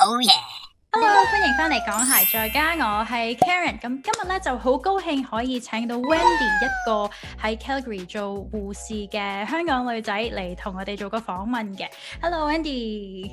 h e l l o 歡迎翻嚟講鞋，再加我係 Karen。咁今日咧就好高興可以請到 Wendy，一個喺 Calgary 做護士嘅香港女仔嚟同我哋做個訪問嘅。Hello，Wendy。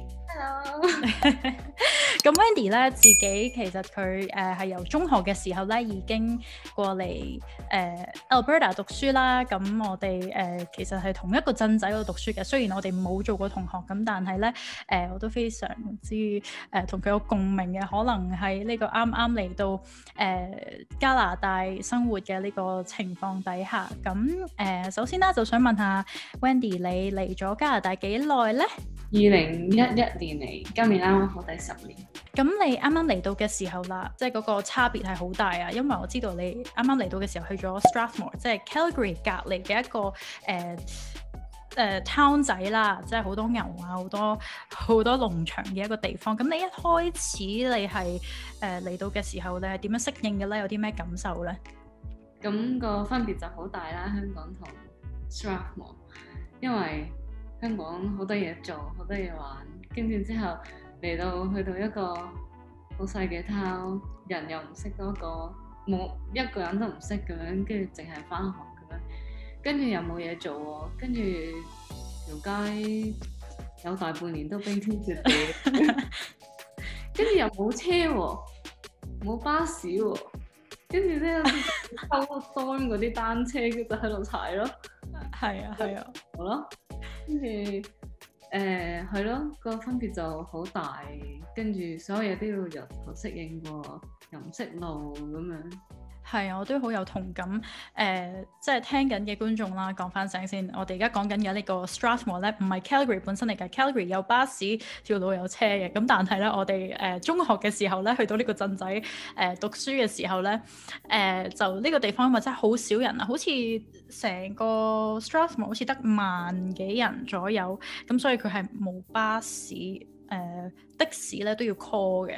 咁 Wendy 咧，自己其實佢誒係由中學嘅時候咧，已經過嚟誒、呃、Alberta 讀書啦。咁、嗯、我哋誒、呃、其實係同一個鎮仔度讀書嘅，雖然我哋冇做過同學，咁但係咧誒我都非常之誒同佢有共鳴嘅，可能係呢個啱啱嚟到誒、呃、加拿大生活嘅呢個情況底下，咁、嗯、誒、呃、首先啦，就想問問下 Wendy，你嚟咗加拿大幾耐咧？二零一一年。今年啦，啱啱好第十年。咁你啱啱嚟到嘅時候啦，即係嗰個差別係好大啊。因為我知道你啱啱嚟到嘅時候去咗 Strathmore，即係 Calgary 隔離嘅一個誒誒、呃呃、town 仔啦，即係好多牛啊，好多好多農場嘅一個地方。咁你一開始你係誒嚟到嘅時候呢，你係點樣適應嘅咧？有啲咩感受咧？咁個分別就好大啦，香港同 Strathmore，因為香港好多嘢做，好多嘢玩。跟住之後嚟到去到一個好細嘅 town，人又唔識嗰個，冇一個人都唔識咁樣，跟住淨係翻學咁樣，跟住又冇嘢做喎，跟住條街有大半年都冰天雪地，跟住又冇車喎，冇巴士喎，跟住咧偷 down 嗰啲單車就，跟住喺度踩咯，係啊係啊，好咯、啊，跟住。誒係咯，uh, 個分別就好大，跟住所有嘢都要入學適應過，又唔識路咁樣。係啊，我都好有同感。誒、呃，即係聽緊嘅觀眾啦，講翻聲先。我哋而家講緊嘅呢個 Strathmore 咧，唔係 Calgary 本身嚟㗎。Calgary 有巴士、條路有車嘅，咁但係咧，我哋誒、呃、中學嘅時候咧，去到呢個鎮仔誒、呃、讀書嘅時候咧，誒、呃、就呢個地方真係好少人啊，好似成個 Strathmore 好似得萬幾人左右，咁所以佢係冇巴士。誒的士咧都要 call 嘅，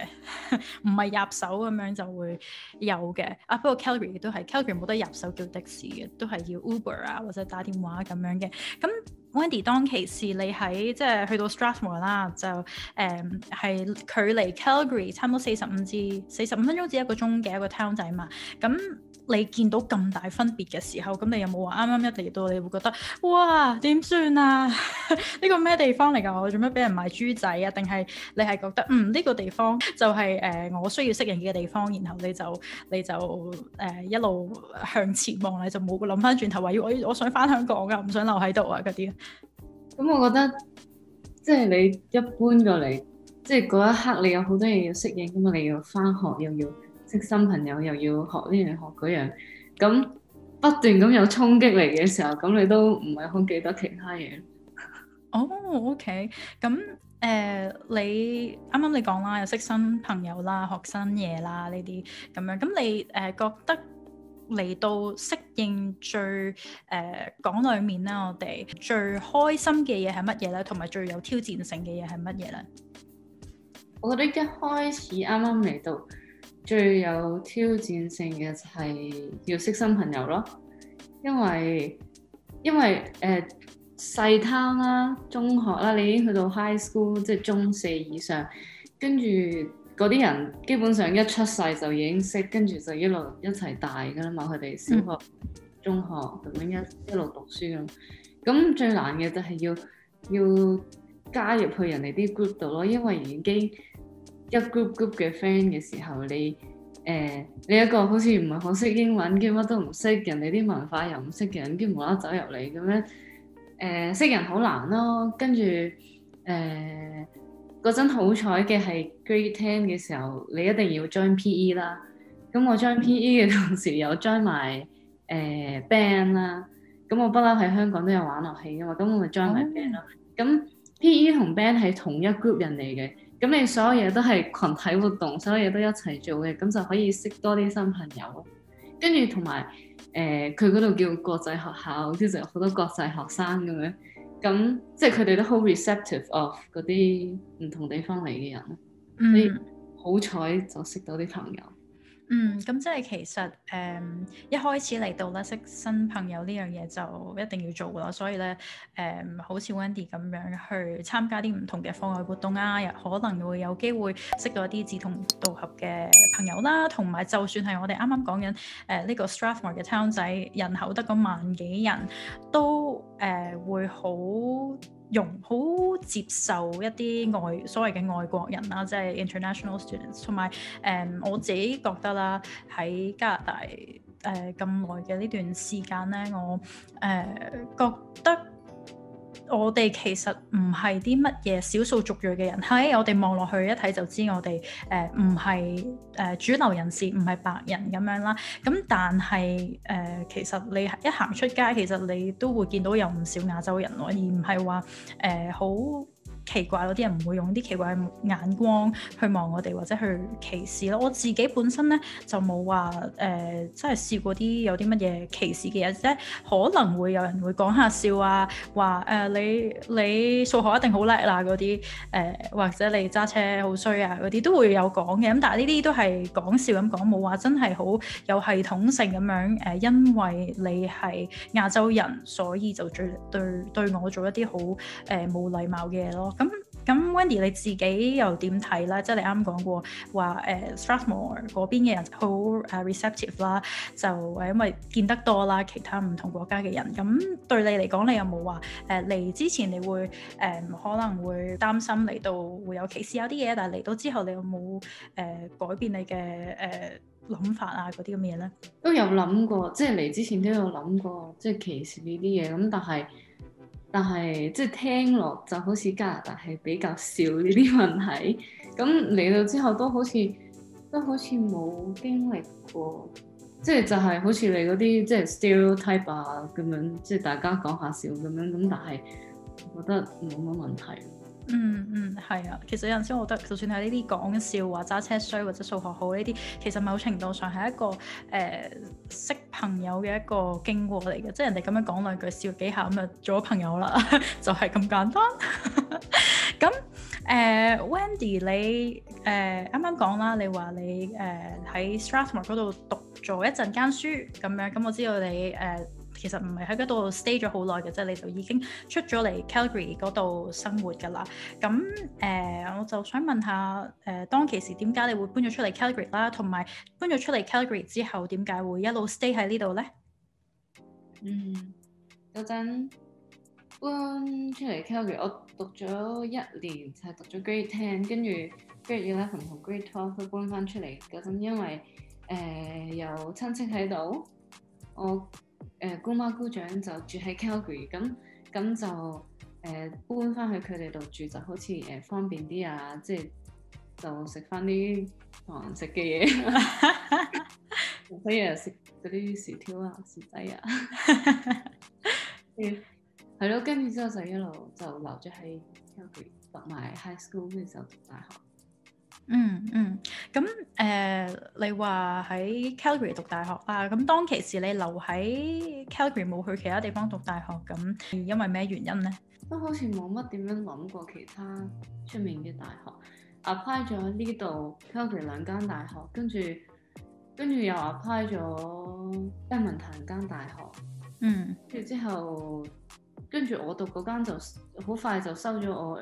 唔 係入手咁樣就會有嘅。啊不過 Calgary 都係 Calgary 冇得入手叫的士嘅，xi, 都係要 Uber 啊或者打電話咁樣嘅。咁 Wendy 當其時你喺即係去到 Strathmore 啦，就誒係、嗯、距離 Calgary 差唔多四十五至四十五分鐘至一個鐘嘅一個 town 仔嘛。咁你見到咁大分別嘅時候，咁你有冇話啱啱一嚟到，你會覺得哇點算啊？呢個咩地方嚟㗎？我做咩俾人賣豬仔啊？定係你係覺得嗯呢、這個地方就係、是、誒、呃、我需要適應嘅地方，然後你就你就誒、呃、一路向前望你就冇諗翻轉頭話要我我想翻香港㗎、啊，唔想留喺度啊嗰啲。咁我覺得即係、就是、你一搬過嚟，即係嗰一刻你有好多嘢要適應，咁啊你要翻學又要。識新朋友又要學呢樣學嗰樣，咁不斷咁有衝擊嚟嘅時候，咁你都唔係好記得其他嘢。哦、oh，OK，咁誒、呃、你啱啱你講啦，又識新朋友啦，學新嘢啦呢啲咁樣，咁你誒、呃、覺得嚟到適應最誒、呃、港裏面咧，我哋最開心嘅嘢係乜嘢咧？同埋最有挑戰性嘅嘢係乜嘢咧？我覺得一開始啱啱嚟到。最有挑戰性嘅就係要識新朋友咯，因為因為誒、呃、細攤啦、啊、中學啦、啊，你已經去到 high school，即係中四以上，跟住嗰啲人基本上一出世就已經識，跟住就一路一齊大噶啦嘛，佢哋小學、嗯、中學咁樣一一路讀書咁，咁最難嘅就係要要加入去人哋啲 group 度咯，因為已經。一 group group 嘅 friend 嘅時候，你誒、呃、你一個好似唔係好識英文，叫乜都唔識，人哋啲文化又唔識嘅人，兼無啦啦走入嚟咁樣誒、呃、識人好難咯。跟住誒嗰陣好彩嘅係 grade ten 嘅時候，你一定要 join PE 啦。咁我 join PE 嘅同時有 join 埋誒、嗯呃、band 啦。咁我不嬲喺香港都有玩樂器嘅嘛，咁我咪 join 埋 band 咯。咁 PE 同 band 係同一 group 人嚟嘅。咁你所有嘢都係群體活動，所有嘢都一齊做嘅，咁就可以識多啲新朋友。跟住同埋誒，佢嗰度叫國際學校，跟住就有好多國際學生咁樣。咁即係佢哋都好 receptive of 嗰啲唔同地方嚟嘅人，嗯、所以好彩就識到啲朋友。嗯，咁即係其實誒、嗯、一開始嚟到咧識新朋友呢樣嘢就一定要做咯，所以咧誒、嗯、好似 Wendy 咁樣去參加啲唔同嘅課外活動啊，又可能會有機會識到一啲志同道合嘅朋友啦、啊，同埋就算係我哋啱啱講緊誒呢個 Strathmore 嘅 town 仔，人口得個萬幾人都誒、呃、會好。容好接受一啲外所謂嘅外國人啦，即係 international students，同埋誒我自己覺得啦，喺加拿大誒咁耐嘅呢段時間咧，我誒、呃、覺得。我哋其實唔係啲乜嘢少數族裔嘅人，係我哋望落去一睇就知我哋誒唔係誒主流人士，唔係白人咁樣啦。咁但係誒、呃，其實你一行出街，其實你都會見到有唔少亞洲人喎，而唔係話誒好，呃奇怪咯，啲人唔會用啲奇怪嘅眼光去望我哋或者去歧視咯。我自己本身呢，就冇話誒，真係試過啲有啲乜嘢歧視嘅嘢，即係可能會有人會講下笑啊，話誒、呃、你你數學一定好叻啦嗰啲誒，或者你揸車好衰啊嗰啲都會有講嘅。咁但係呢啲都係講笑咁講，冇話真係好有系統性咁樣誒、呃，因為你係亞洲人，所以就最對對我做一啲好誒冇禮貌嘅嘢咯。咁咁，Wendy 你自己又點睇啦？即係你啱啱講過話、uh, Strathmore 嗰邊嘅人好誒 receptive 啦，就係因為見得多啦，其他唔同國家嘅人。咁對你嚟講，你有冇話誒嚟之前你會誒、嗯、可能會擔心嚟到會有歧視有啲嘢？但係嚟到之後你，你有冇誒改變你嘅誒諗法啊嗰啲咁嘅嘢咧？呢都有諗過，即係嚟之前都有諗過，即係歧視呢啲嘢。咁但係。但係即係聽落就好似加拿大係比較少呢啲問題，咁嚟到之後都好似都好似冇經歷過，即係 就係好似你嗰啲即係、就是、stereotype 啊咁樣，即、就、係、是、大家講下笑咁樣，咁但係我覺得冇乜問題。係啊，其實有陣時我覺得，就算係呢啲講笑話，揸車衰或者數學好呢啲，其實某程度上係一個誒、呃、識朋友嘅一個經過嚟嘅，即係人哋咁樣講兩句笑幾下，咁就做咗朋友啦， 就係咁簡單。咁 誒、呃、，Wendy 你誒啱啱講啦，你話你誒喺、呃、Strathmore 嗰度讀咗一陣間書咁樣，咁我知道你誒。呃其實唔係喺嗰度 stay 咗好耐嘅啫，你就已經出咗嚟 Calgary 嗰度生活㗎啦。咁誒、呃，我就想問下誒、呃，當其時點解你會搬咗出嚟 Calgary 啦？同埋搬咗出嚟 Calgary 之後，點解會一路 stay 喺呢度咧？嗯，嗰陣搬出嚟 Calgary，我讀咗一年，就係、是、讀咗 Grade Ten，跟住 Grade Eleven 同 Grade Twelve 佢搬翻出嚟嗰陣，因為誒、呃、有親戚喺度，我，誒、呃、姑媽姑丈就住喺 Calgary，咁咁就誒、呃、搬翻去佢哋度住，就好似誒、呃、方便啲啊，即係就食翻啲堂食嘅嘢，所以食啲薯條啊、薯仔啊，係 咯， 跟住之後就一路就留咗喺 Calgary 讀埋 high school，跟住就讀大學。嗯嗯，咁、嗯、誒、呃，你話喺 Calgary 讀大學啦，咁、啊、當其時你留喺 Calgary 冇去其他地方讀大學，咁係因為咩原因咧？都好似冇乜點樣諗過其他出面嘅大學，apply 咗呢度 Calgary 兩間大學，跟住跟住又 apply 咗 Edmonton 間大學，嗯，跟住之後跟住我讀嗰間就好快就收咗我。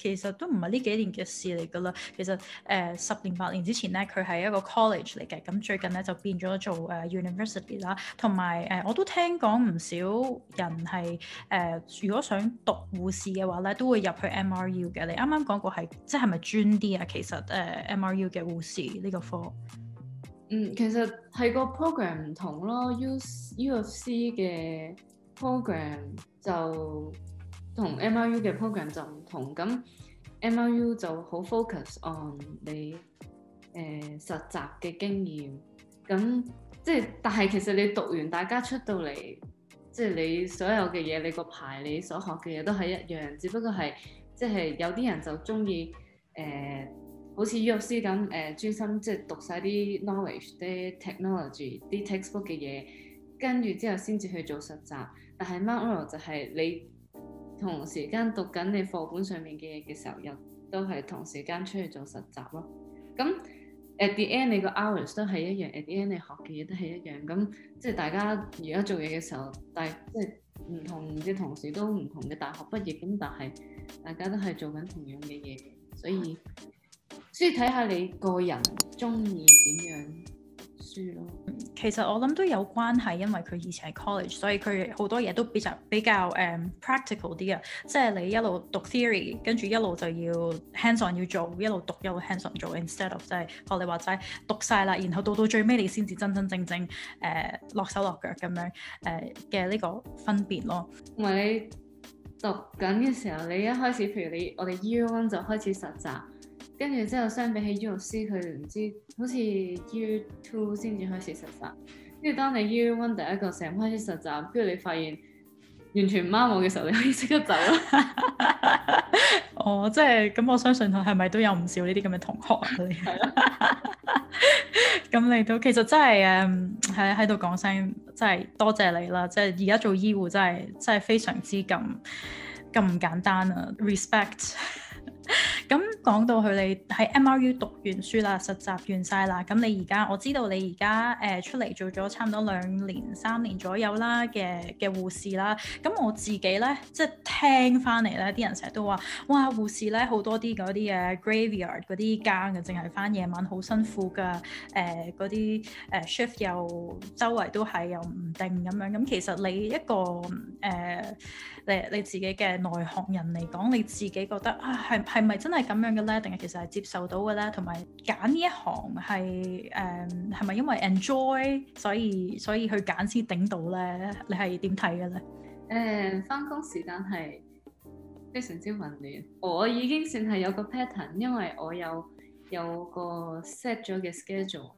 其實都唔係呢幾年嘅事嚟㗎啦。其實誒十、呃、年八年之前咧，佢係一個 college 嚟嘅。咁最近咧就變咗做誒、呃、university 啦。同埋誒我都聽講唔少人係誒、呃、如果想讀護士嘅話咧，都會入去 M.R.U 嘅。你啱啱講過係即係咪專啲啊？其實誒、呃、M.R.U 嘅護士呢個科，嗯，其實係個 program 唔同咯。U of C 嘅 program 就。同 MRU 嘅 program 就唔同，咁 MRU 就好 focus on 你、誒、呃、實習嘅經驗，咁即係但係其實你讀完，大家出到嚟，即係你所有嘅嘢，你個牌你所學嘅嘢都係一樣，只不過係即係有啲人就中意誒好似醫師咁誒專心即係讀晒啲 knowledge、啲 technology、啲 textbook 嘅嘢，跟住之後先至去做實習，但係 MRU 就係你。同時間讀緊你課本上面嘅嘢嘅時候，又都係同時間出去做實習咯。咁 at the end 你個 hours 都係一樣，at the end 你學嘅嘢都係一樣。咁即係大家而家做嘢嘅時候，但係即係唔同嘅同事都唔同嘅大學畢業，咁但係大家都係做緊同樣嘅嘢，所以先睇下你個人中意點樣。嗯、其實我諗都有關係，因為佢以前係 college，所以佢好多嘢都比較比較、um, practical 啲啊。即係你一路讀 theory，跟住一路就要 hands on 要做，一路讀一路 hands on 做，instead of 即係學你話齋讀晒啦，然後到到最尾你先至真真正正誒、呃、落手落腳咁樣誒嘅呢個分別咯。唔係你讀緊嘅時候，你一開始譬如你我哋 year one 就開始實習。跟住之後相悠悠，相比起 U C，佢唔知好似 U Two 先至開始實習。跟住當你 U One 第一個成開始實習，跟住你發現完全唔啱我嘅時候，你可以即刻走啦。哦，即係咁，我、oh, 相信佢係咪都有唔少呢啲咁嘅同學？係啦，咁嚟到其實真係誒喺喺度講聲，真係多謝你啦！即係而家做醫護真係真係非常之咁咁簡單啊！Respect。咁、嗯、講到佢你喺 MRU 讀完書啦，實習完晒啦，咁、嗯、你而家我知道你而家誒出嚟做咗差唔多兩年、三年左右啦嘅嘅護士啦。咁、嗯、我自己咧，即係聽翻嚟咧，啲人成日都話，哇，護士咧好多啲嗰啲嘅 graveyard 嗰啲更嘅，淨係翻夜晚好辛苦噶，誒嗰啲誒 shift 又周圍都係又唔定咁樣。咁、嗯、其實你一個誒、呃、你你自己嘅內行人嚟講，你自己覺得啊係係。係咪真係咁樣嘅呢？定係其實係接受到嘅呢？同埋揀呢一行係誒係咪因為 enjoy 所以所以去揀先頂到呢？你係點睇嘅呢？誒、呃，翻工時間係非常之混亂。我已經算係有個 pattern，因為我有有個 set 咗嘅 schedule。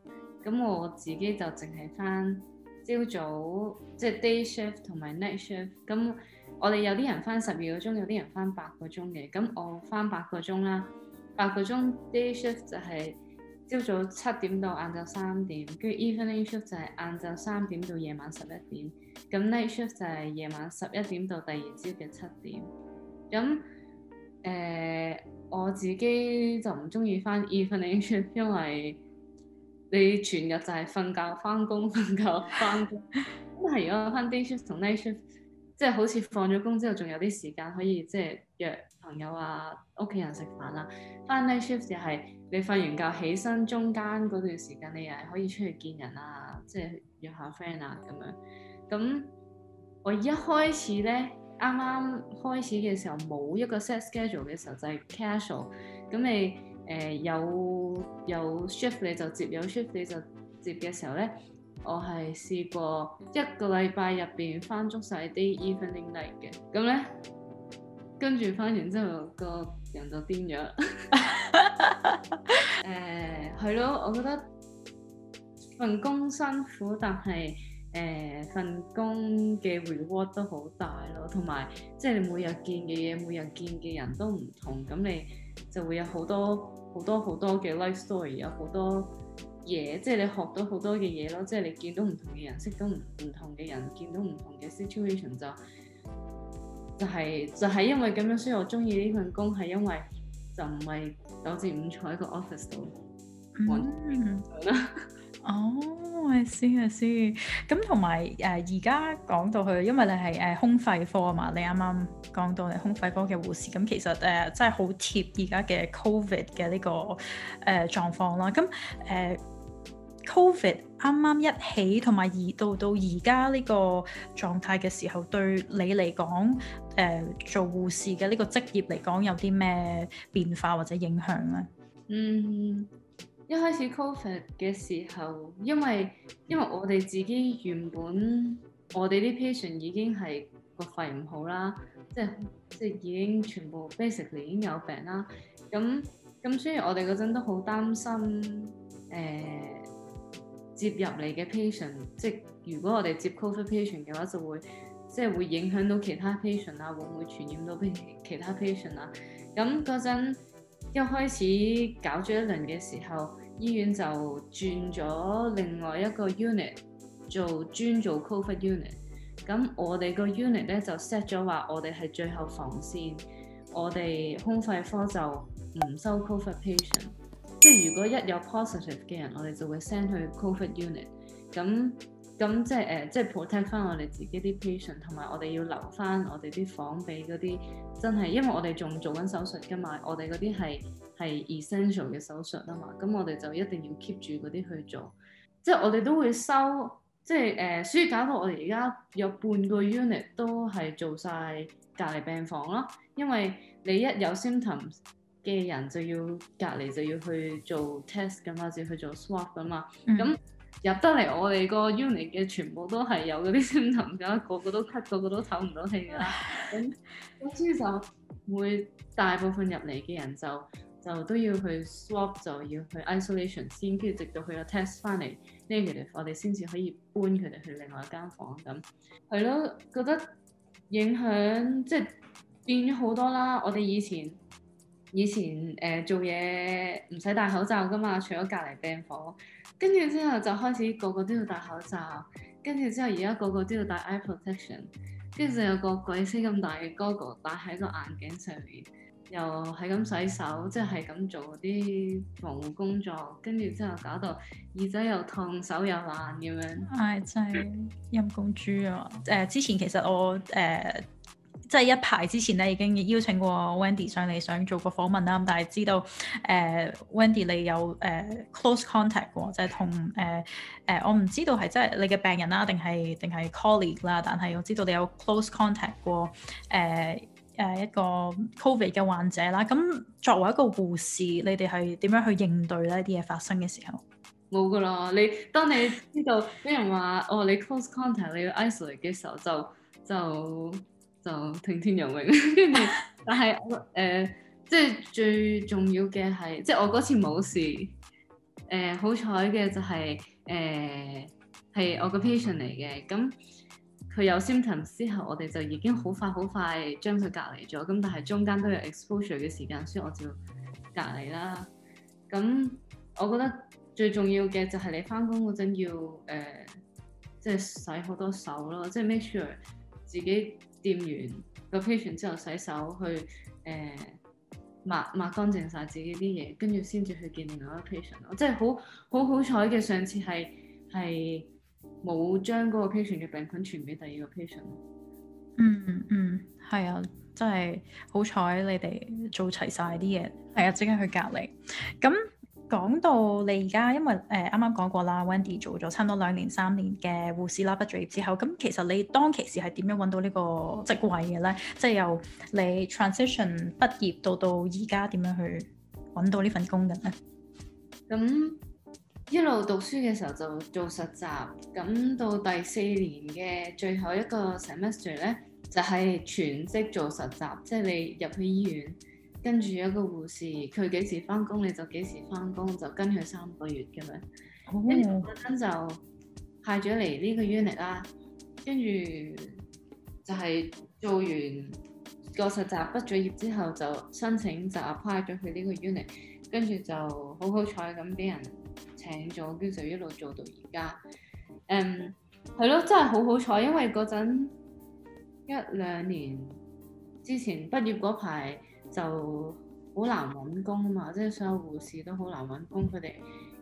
咁我自己就淨係翻朝早即係、就是、day shift 同埋 night shift 咁。我哋有啲人翻十二個鐘，有啲人翻八個鐘嘅。咁我翻八個鐘啦，八個鐘 day shift 就係朝早七點到晏晝三點，跟住 evening shift 就係晏晝三點到夜晚十一點，咁 night shift 就係夜晚十一點到第二朝嘅七點。咁誒、呃，我自己就唔中意翻 evening shift，因為你全日就係瞓覺、翻工、瞓覺、翻工，咁 係 如果翻 day shift 同 night shift。即係好似放咗工之後，仲有啲時間可以即係約朋友啊、屋企人食飯啊。翻 night shift 就係你瞓完覺起身中間嗰段時間，你又係可以出去見人啊，即係約下 friend 啊咁樣。咁我一開始咧，啱啱開始嘅時候冇一個 set schedule 嘅時候，就係 casual。咁你誒有有 shift 你就接，有 shift 你就接嘅時候咧。我係試過一個禮拜入邊返足晒啲 day evening night 嘅，咁咧跟住返完之後個人就癲咗。誒係咯，我覺得份工辛苦，但係誒份工嘅 reward 都好大咯，同埋即係你每日見嘅嘢，每日見嘅人都唔同，咁你就會有好多好多好多嘅 life story，有好多嘢，即係你學到好多嘅嘢咯，即係你見到唔同嘅人，識到唔唔同嘅人，見到唔同嘅 situation 就就係、係、就係、係、因為咁樣，所以我中意呢份工係因為就唔係九至五彩個 office 度，嗯，啦，哦、呃，我知我知，咁同埋誒而家講到佢，因為你係誒胸肺科啊嘛，你啱啱講到你胸肺科嘅護士，咁其實誒、呃、真係好貼而家嘅 COVID 嘅呢、這個誒、呃、狀況啦，咁誒。呃 Covid 啱啱一起，同埋移到到而家呢個狀態嘅時候，對你嚟講，誒、呃、做護士嘅呢個職業嚟講，有啲咩變化或者影響咧？嗯，一開始 Covid 嘅時候，因為因為我哋自己原本我哋啲 patient 已經係個肺唔好啦，即係即係已經全部 basically 已經有病啦。咁咁雖然我哋嗰陣都好擔心，誒、呃。接入嚟嘅 patient，即係如果我哋接 covid patient 嘅話，就會即係會影響到其他 patient 啊，會唔會傳染到其他 patient 啊？咁嗰陣一開始搞咗一輪嘅時候，醫院就轉咗另外一個 unit 做專做 covid unit。咁我哋個 unit 咧就 set 咗話，我哋係最後防線，我哋胸肺科就唔收 covid patient。即係如果一有 positive 嘅人，我哋就會 send 去 COVID unit。咁咁即係誒、呃，即係 protect 翻我哋自己啲 patient，同埋我哋要留翻我哋啲房俾嗰啲真係，因為我哋仲做緊手術噶嘛，我哋嗰啲係係 essential 嘅手術啊嘛。咁我哋就一定要 keep 住嗰啲去做。即係我哋都會收，即係誒、呃，所以搞到我哋而家有半個 unit 都係做晒隔離病房咯。因為你一有 symptoms 嘅人就要隔離，就要去做 test 噶嘛，要去做 swab 噶嘛。咁、hmm. 嗯、入得嚟我哋個 unit 嘅全部都係有嗰啲 symptom 噶啦，個個都咳，個個都唞唔到氣噶啦。咁跟住就會大部分入嚟嘅人就就都要去 swab，就要去 isolation 先，跟住直到去咗 test 翻嚟呢 negative 我哋先至可以搬佢哋去另外一間房咁。係咯，覺得影響即係變咗好多啦。我哋以前以前誒、呃、做嘢唔使戴口罩㗎嘛，除咗隔離病房。跟住之後就開始個個都要戴口罩，跟住之後而家個個都要戴 eye protection，跟住就有個鬼死咁大嘅 goggle 戴喺個眼鏡上面，又係咁洗手，即係咁做啲防護工作。跟住之後搞到耳仔又痛，手又爛咁樣。唉、哎，真係陰公豬啊！誒、uh,，之前其實我誒。Uh, 即係一排之前咧，已經邀請過 Wendy 上嚟想做個訪問啦。咁但係知道誒、呃、Wendy 你有誒、呃、close contact 喎、喔，即係同誒誒我唔知道係即係你嘅病人啦，定係定係 colleague 啦。但係我知道你有 close contact 過誒誒、呃呃、一個 covid 嘅患者啦。咁作為一個護士，你哋係點樣去應對呢啲嘢發生嘅時候？冇㗎啦。你當你知道有人話哦，你 close contact 你要 isolate 嘅時候，就就～就聽天由命， 跟住，但係我誒，即係最重要嘅係，即係我嗰次冇事，誒好彩嘅就係誒係我個 patient 嚟嘅，咁佢有 symptoms 之後，我哋就已經好快好快將佢隔離咗，咁但係中間都有 exposure 嘅時間，所以我就隔離啦。咁我覺得最重要嘅就係你翻工嗰陣要誒、呃，即係洗好多手咯，即係 make sure。自己掂完個 patient 之後洗手，去誒抹抹乾淨晒自己啲嘢，跟住先至去見另外一個 patient。我即係好好好彩嘅，上次係係冇將嗰個 patient 嘅病菌傳俾第二個 patient。嗯嗯，係、嗯嗯、啊，真係好彩，你哋做齊晒啲嘢，係啊，即刻去隔離。咁。講到你而家，因為誒啱啱講過啦，Wendy 做咗差唔多兩年、三年嘅護士啦，畢業之後，咁其實你當其時係點樣揾到呢個職位嘅呢？Oh. 即係由你 transition 畢業到到而家，點樣去揾到呢份工嘅呢？咁一路讀書嘅時候就做實習，咁到第四年嘅最後一個 semester 呢，就係全職做實習，即係你入去醫院。跟住有一個護士，佢幾時翻工你就幾時翻工，就跟佢三個月咁樣。跟住嗰陣就派咗嚟呢個 unit 啦，跟住就係做完個實習，畢咗業之後就申請就 apply 咗去呢個 unit，跟住就好好彩咁俾人請咗，跟住就一路做到而家。嗯，係咯，真係好好彩，因為嗰陣一兩年之前畢業嗰排，就好難揾工啊嘛，即係所有護士都好難揾工，佢哋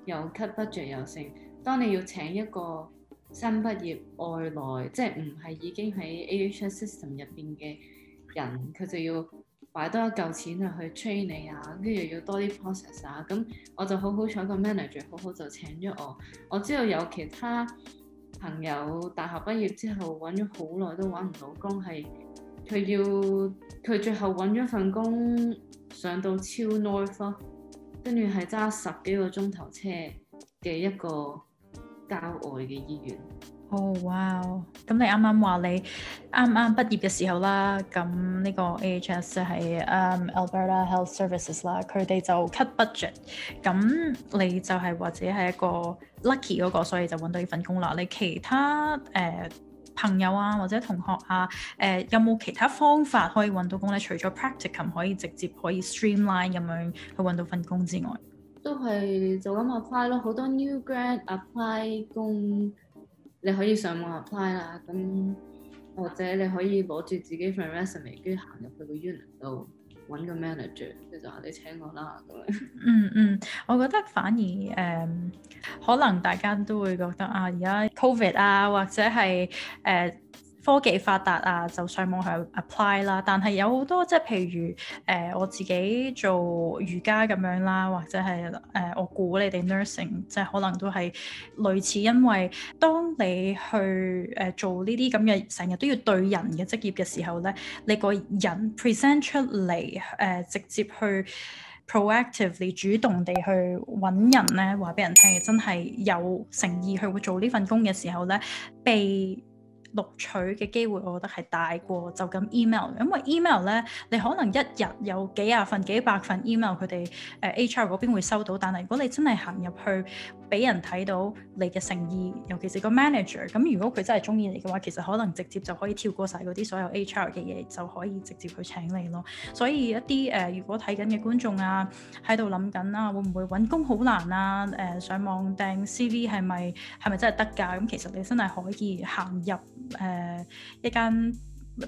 又 cut budget 又剩。當你要請一個新畢業外來，即係唔係已經喺 AHS system 入邊嘅人，佢就要擺多一嚿錢去 train 你啊，跟住又要多啲 process 啊。咁我就好好彩，個 manager 好好就請咗我。我知道有其他朋友大學畢業之後揾咗好耐都揾唔到工係。佢要佢最後揾咗份工上到超 north，跟住係揸十幾個鐘頭車嘅一個郊外嘅醫院。哦，哇！咁你啱啱話你啱啱畢業嘅時候啦，咁呢個 AHS 就係 Alberta Health Services 啦，佢哋就 cut budget，咁你就係或者係一個 lucky 嗰、嗰個，所以就揾到呢份工啦。你其他誒、呃朋友啊，或者同學啊，誒、呃、有冇其他方法可以揾到工咧？除咗 practicum 可以直接可以 streamline 咁樣去揾到份工之外，都係就咁 apply 咯。好多 new grad apply 工，你可以上網 apply 啦。咁或者你可以攞住自己份 resume 跟住行入去個 unit 度。揾個 manager，佢就話、啊、你請我啦，咁樣嗯。嗯嗯，我覺得反而誒、呃，可能大家都會覺得啊，而家 covid 啊，或者係誒、呃科技發達啊，就上網去 apply 啦。但係有好多即係譬如誒、呃，我自己做瑜伽咁樣啦，或者係誒、呃，我估你哋 nursing 即係可能都係類似，因為當你去誒、呃、做呢啲咁嘅成日都要對人嘅職業嘅時候呢，你個人 present 出嚟誒、呃，直接去 proactively 主動地去揾人呢。話俾人聽，真係有誠意去會做呢份工嘅時候呢，被錄取嘅機會，我覺得係大過就咁 email 嘅，因為 email 呢，你可能一日有幾廿份、幾百份 email，佢哋誒、呃、HR 嗰邊會收到，但係如果你真係行入去，俾人睇到你嘅誠意，尤其是個 manager，咁如果佢真係中意你嘅話，其實可能直接就可以跳過晒嗰啲所有 HR 嘅嘢，就可以直接去請你咯。所以一啲誒、呃，如果睇緊嘅觀眾啊，喺度諗緊啊，會唔會揾工好難啊？誒、呃，上網掟 CV 係咪係咪真係得㗎？咁其實你真係可以行入誒、呃、一間，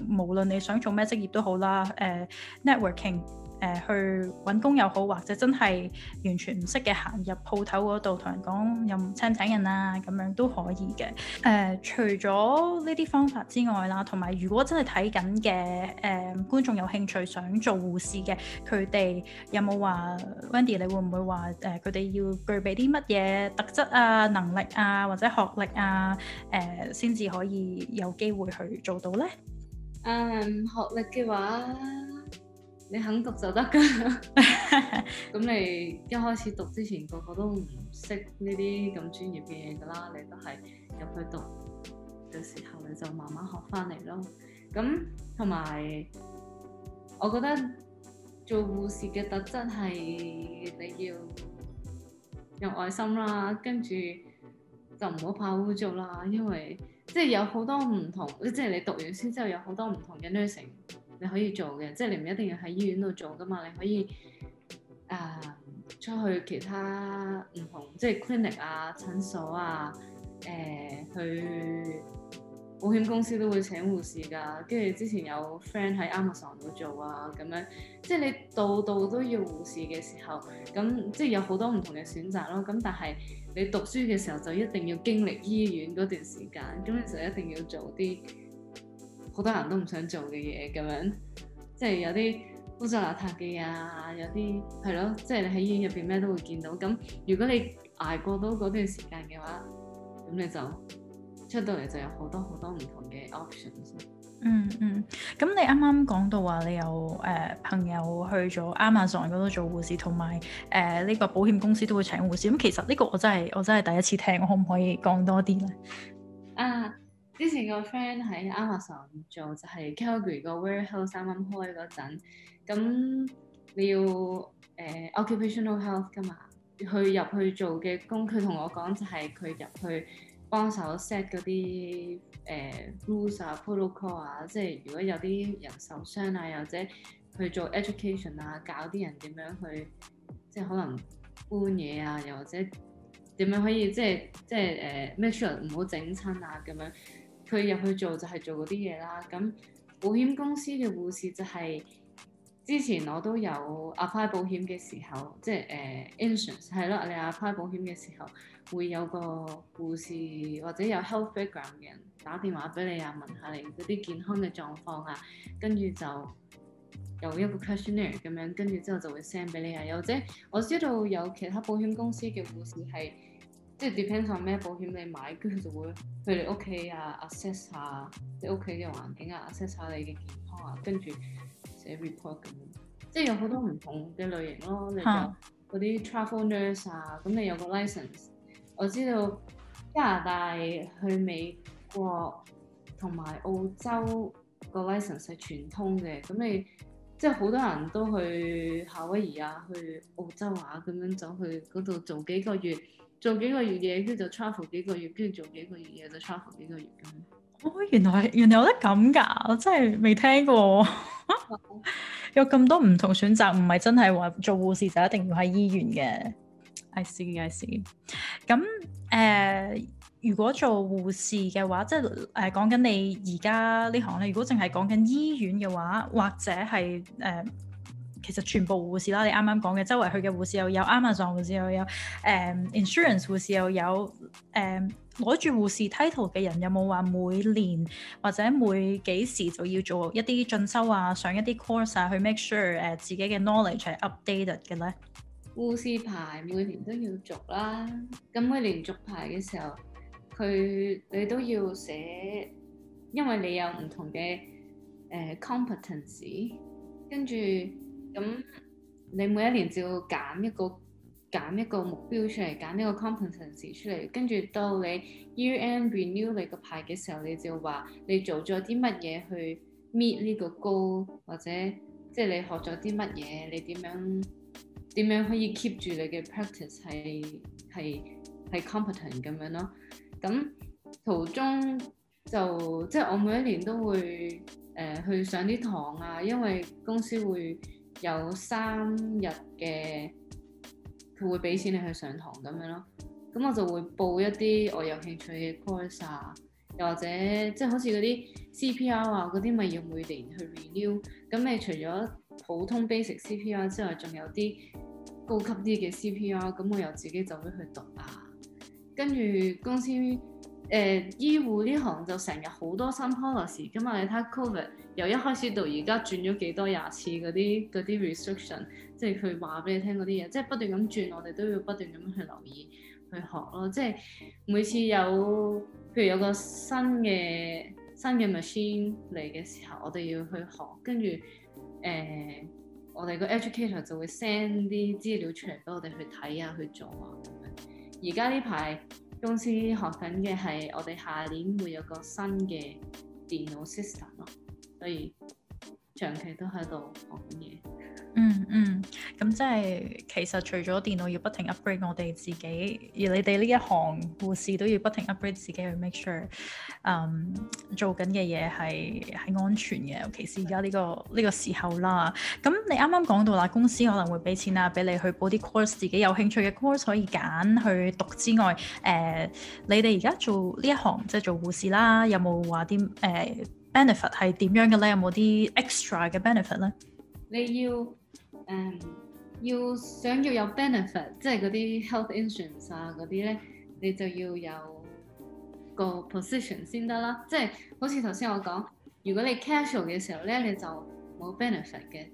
無論你想做咩職業都好啦，誒、呃、networking。Network ing, 誒去揾工又好，或者真係完全唔識嘅，行入鋪頭嗰度，同人講，又唔請唔請人啊，咁樣都可以嘅。誒、呃、除咗呢啲方法之外啦，同埋如果真係睇緊嘅誒觀眾有興趣想做護士嘅，佢哋有冇話 Wendy 你會唔會話誒佢哋要具備啲乜嘢特質啊、能力啊、或者學歷啊誒先至可以有機會去做到呢？嗯，um, 學歷嘅話。你肯讀就得噶，咁 你一開始讀之前，個個都唔識呢啲咁專業嘅嘢噶啦，你都係入去讀嘅時候，你就慢慢學翻嚟咯。咁同埋，我覺得做護士嘅特質係你要有愛心啦，跟住就唔好怕污糟啦，因為即係、就是、有好多唔同，即、就、係、是、你讀完書之後有好多唔同嘅 learning。你可以做嘅，即係你唔一定要喺醫院度做㗎嘛，你可以誒、uh，出去其他唔同，即係 clinic 啊、診所啊，誒、呃、去保險公司都會請護士㗎。跟住之前有 friend 喺 Amazon 度做啊，咁樣即係你度度都要護士嘅時候，咁即係有好多唔同嘅選擇咯。咁但係你讀書嘅時候就一定要經歷醫院嗰段時間，咁你就一定要做啲。好多人都唔想做嘅嘢咁樣，即係有啲污糟邋遢嘅啊，有啲係咯，即係你喺醫院入邊咩都會見到。咁如果你捱過到嗰段時間嘅話，咁你就出到嚟就有好多好多唔同嘅 options、嗯。嗯嗯，咁你啱啱講到話你有誒、呃、朋友去咗 Amazon 嗰度做護士，同埋誒呢個保險公司都會請護士。咁、嗯、其實呢個我真係我真係第一次聽，我可唔可以講多啲咧？啊！之前個 friend 喺 Amazon 做就係 Calgary 個 warehouse 啱啱開嗰陣，咁你要誒、呃、occupational health 噶嘛？佢入去做嘅工，佢同我講就係佢入去幫手 set 嗰啲誒 rules 啊 protocol 啊，即係如果有啲人受傷啊，又或者去做 education 啊，教啲人點樣去即係可能搬嘢啊，又或者點樣可以即係即係誒、呃、make sure 唔好整親啊咁樣。佢入去做就係做嗰啲嘢啦。咁保險公司嘅護士就係、是、之前我都有 apply 保險嘅時候，即係誒 insurance 係咯，你 apply 保險嘅時候會有個護士或者有 health background 嘅人打電話俾你,你啊，問下你嗰啲健康嘅狀況啊，跟住就有一個 questionnaire 咁樣，跟住之後就會 send 俾你啊。或者我知道有其他保險公司嘅護士係。即係 depend on 咩保險你買，跟住就會去你屋企啊 assess 下你屋企嘅環境啊 assess 下你嘅健康啊，跟住寫 report 咁樣。即係有好多唔同嘅類型咯，你有嗰啲 travel nurse 啊，咁你有個 license。我知道加拿大去美國同埋澳洲個 license 係全通嘅，咁你即係好多人都去夏威夷啊，去澳洲啊，咁樣走去嗰度做幾個月。做幾個月嘢，跟住就 travel 幾個月，跟住做幾個月嘢，就 travel 幾個月咁。哦，原來原來有得咁㗎，我真係未聽過。 有咁多唔同選擇，唔係真係話做護士就一定要喺醫院嘅。I see, I see。咁、呃、誒，如果做護士嘅話，即係誒講緊你而家呢行咧。如果淨係講緊醫院嘅話，或者係誒。呃其實全部護士啦，你啱啱講嘅周圍，去嘅護士又有，有 Amazon 護士又有誒、um, insurance 護士又有誒攞住護士 title 嘅人，有冇話每年或者每幾時就要做一啲進修啊，上一啲 course 啊，去 make sure 誒、啊、自己嘅 knowledge 係 updated 嘅咧？護士牌每年都要續啦。咁、那、佢、個、連續牌嘅時候，佢你都要寫，因為你有唔同嘅誒 competency，跟住。咁你每一年就要揀一個揀一個目標出嚟，揀一個 competence 出嚟，跟住到你 renew 你個牌嘅時候，你就要話你做咗啲乜嘢去 meet 呢個 goal，或者即係、就是、你學咗啲乜嘢，你點樣點樣可以 keep 住你嘅 practice 係係係 competent 咁樣咯。咁途中就即係、就是、我每一年都會誒、呃、去上啲堂啊，因為公司會。有三日嘅，佢會俾錢你去上堂咁樣咯。咁我就會報一啲我有興趣嘅 course 啊，又或者即係好似嗰啲 CPR 啊，嗰啲咪要每年去 renew。咁你除咗普通 basic CPR 之外，仲有啲高級啲嘅 CPR，咁我又自己就會去讀啊。跟住公司。誒、呃、醫護呢行就成日好多新 policy 噶嘛，你睇 COVID 由一開始到而家轉咗幾多廿次嗰啲嗰啲 restriction，即係佢話俾你聽嗰啲嘢，即係不斷咁轉，我哋都要不斷咁樣去留意去學咯。即係每次有譬如有個新嘅新嘅 machine 嚟嘅時候，我哋要去學，跟住誒我哋個 educator 就會 send 啲資料出嚟俾我哋去睇啊去做啊。咁樣而家呢排。公司學緊嘅係，我哋下年會有個新嘅電腦 system 咯，所以長期都喺度學緊嘢。嗯嗯，咁即係其實除咗電腦要不停 upgrade 我哋自己，而你哋呢一行護士都要不停 upgrade 自己去 make sure、嗯、做緊嘅嘢係係安全嘅，尤其是而家呢個呢、呢個時候啦。咁、嗯嗯、你啱啱講到啦，公司可能會俾錢啊，俾你去報啲 course，自己有興趣嘅 course 可以揀去讀之外，誒、呃，你哋而家做呢一行即係做護士啦，有冇話啲誒 benefit 係點樣嘅呢？有冇啲 extra 嘅 benefit 呢？你要。誒、um, 要想要有 benefit，即係嗰啲 health insurance 啊，嗰啲咧，你就要有個 position 先得啦。即係好似頭先我講，如果你 casual 嘅時候咧，你就冇 benefit 嘅。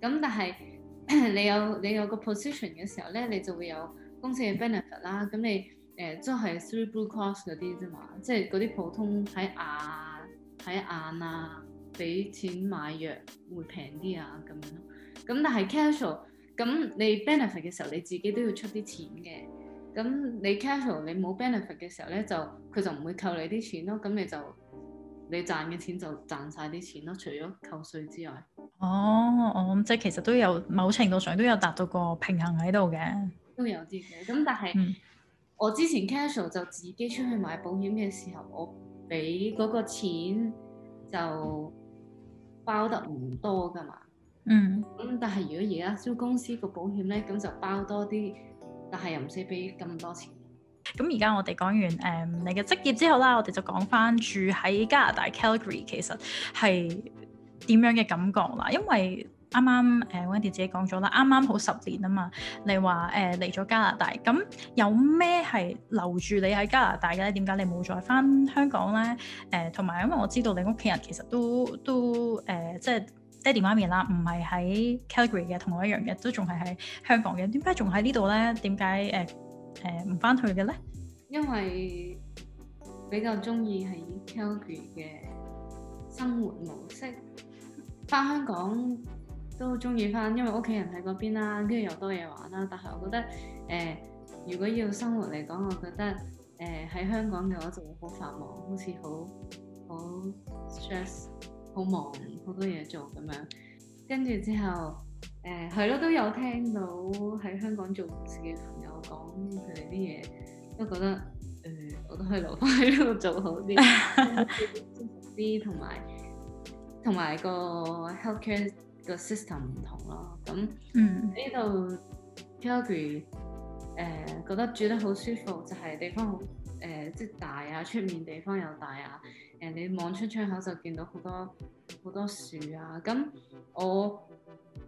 咁但係 你有你有個 position 嘅時候咧，你就會有公司嘅 benefit 啦。咁你誒都係 three Blue Cross 嗰啲啫嘛，即係嗰啲普通喺眼喺眼啊，俾錢買藥會平啲啊，咁樣。咁但係 casual，咁你 benefit 嘅時候你自己都要出啲錢嘅。咁你 casual，你冇 benefit 嘅時候咧，就佢就唔會扣你啲錢咯。咁你就你賺嘅錢就賺晒啲錢咯，除咗扣稅之外。哦，哦，即係其實都有某程度上都有達到個平衡喺度嘅。都有啲嘅，咁但係、嗯、我之前 casual 就自己出去買保險嘅時候，我俾嗰個錢就包得唔多㗎嘛。嗯，咁但係如果而家租公司個保險咧，咁就包多啲，但係又唔使俾咁多錢。咁而家我哋講完誒、嗯、你嘅職業之後啦，我哋就講翻住喺加拿大 Calgary 其實係點樣嘅感覺啦。因為啱啱誒 Wendy 自己講咗啦，啱啱好十年啊嘛。你話誒嚟咗加拿大，咁有咩係留住你喺加拿大嘅咧？點解你冇再翻香港咧？誒、呃，同埋因為我知道你屋企人其實都都誒、呃、即係。爹哋媽咪啦，唔係喺 Calgary 嘅，同我一樣嘅，都仲係喺香港嘅。點解仲喺呢度咧？點解誒誒唔返去嘅咧？因為比較鍾意喺 Calgary 嘅生活模式。返香港都鍾意返，因為屋企人喺嗰邊啦，跟住又多嘢玩啦。但係我覺得誒、呃，如果要生活嚟講，我覺得誒喺、呃、香港嘅話就會好繁忙，好似好好 stress。好忙，好多嘢做咁樣，跟住之後，誒係咯，都有聽到喺香港做事嘅朋友講佢哋啲嘢，都覺得誒、呃，我都去留返喺呢度做好啲，舒服啲，同埋同埋個 healthcare 個 system 唔同咯。咁呢度 Calgary 誒覺得住得好舒服就係、是、地方好。誒、呃、即係大啊，出面地方又大啊，誒、呃、你望出窗口就見到好多好多樹啊，咁我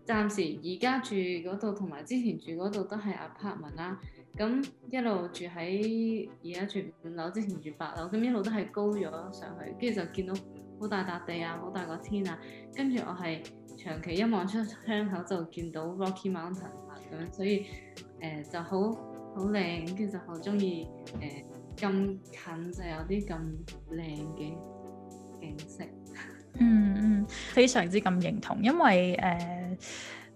暫時而家住嗰度同埋之前住嗰度都係 apartment 啦、啊，咁一路住喺而家住五樓之前住八樓，咁一路都係高咗上去，跟住就見到好大笪地啊，好大個天啊，跟住我係長期一望出窗口就見到 Rocky Mountain 咁、啊、樣，所以誒、呃、就好好靚，跟住就好中意誒。呃咁近就有啲咁靚嘅景色， 嗯嗯，非常之咁認同，因為誒。呃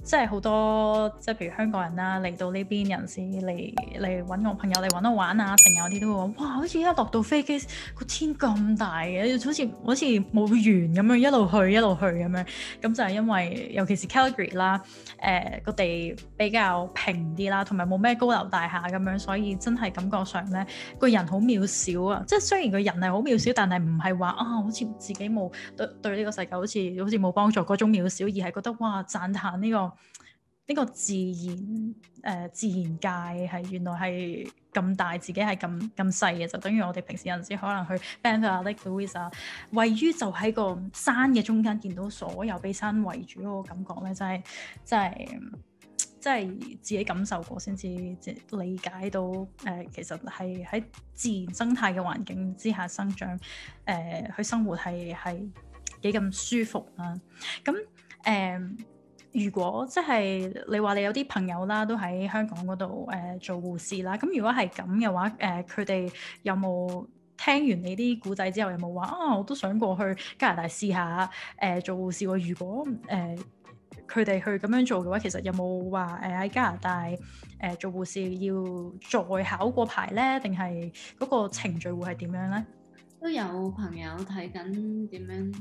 即係好多即係譬如香港人啦，嚟到呢邊人士嚟嚟揾我朋友嚟揾我玩啊，成日啲都會話：哇，好似一落到飛機，個天咁大嘅，好似好似冇完咁樣一路去一路去咁樣。咁就係因為尤其是 Calgary 啦、呃，誒個地比較平啲啦，同埋冇咩高樓大廈咁樣，所以真係感覺上咧個人好渺小啊！即係雖然個人係好渺小，但係唔係話啊好似自己冇對對呢個世界好似好似冇幫助嗰種渺小，而係覺得哇讚歎呢個。呢個自然誒、呃、自然界係原來係咁大，自己係咁咁細嘅，就等於我哋平時有陣時可能去 Banff 啊，Lake Louise，位於就喺個山嘅中間，見到所有被山圍住嗰個感覺咧，就係就係就係自己感受過先至理解到誒、呃，其實係喺自然生態嘅環境之下生長誒，去、呃、生活係係幾咁舒服啦。咁誒。呃如果即係你話你有啲朋友啦，都喺香港嗰度誒做護士啦，咁如果係咁嘅話，誒佢哋有冇聽完你啲故仔之後，有冇話啊我都想過去加拿大試下誒、呃、做護士喎、啊？如果誒佢哋去咁樣做嘅話，其實有冇話誒喺加拿大誒、呃、做護士要再考個牌呢？定係嗰個程序會係點樣呢？都有朋友睇緊點樣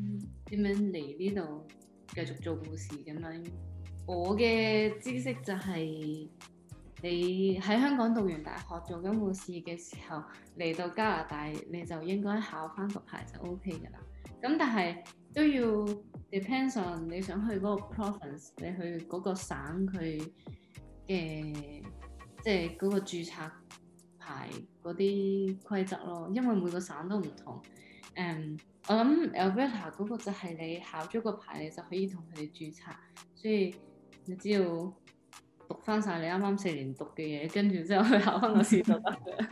點樣嚟呢度。繼續做護士咁樣，我嘅知識就係你喺香港讀完大學做緊護士嘅時候，嚟到加拿大你就應該考返個牌就 OK 㗎喇。咁但係都要 depends on 你想去嗰個 province，你去嗰個省佢嘅即係嗰個註冊牌嗰啲規則咯，因為每個省都唔同誒。Um, 我諗 Alberta 嗰個就係你考咗個牌，你就可以同佢哋註冊。所以你只要讀翻晒你啱啱四年讀嘅嘢，跟住之後去考翻個試、 oh，就得嘅。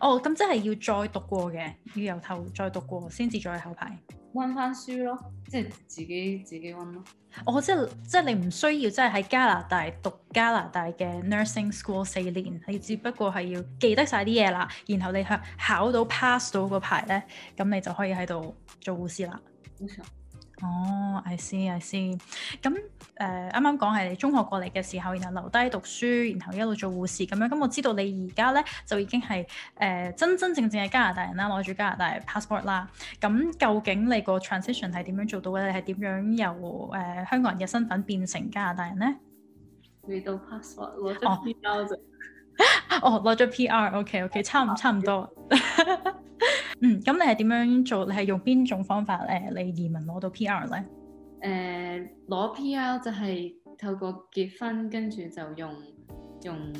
哦，咁即係要再讀過嘅，要由頭再讀過先至再考牌。溫翻書咯，即係自己自己溫咯。哦，即係即係你唔需要，即係喺加拿大讀加拿大嘅 nursing school 四年，你只不過係要記得晒啲嘢啦，然後你考考到 pass 到個牌咧，咁你就可以喺度做護士啦。Uh huh. 哦、oh,，I see，I see, I see.。咁、呃、誒，啱啱講係你中學過嚟嘅時候，然後留低讀書，然後一路做護士咁樣。咁、嗯、我知道你而家咧就已經係誒、呃、真真正正係加拿大人啦，攞住加拿大 passport 啦。咁究竟你個 transition 係點樣做到嘅？你係點樣由誒、呃、香港人嘅身份變成加拿大人呢？未到 passport，攞咗哦，攞咗 P.R.，OK，OK，差唔差唔多。啊、 嗯，咁你係點樣做？你係用邊種方法誒，你移民攞到 P.R. 咧？誒、呃，攞 P.R. 就係透過結婚，跟住就用用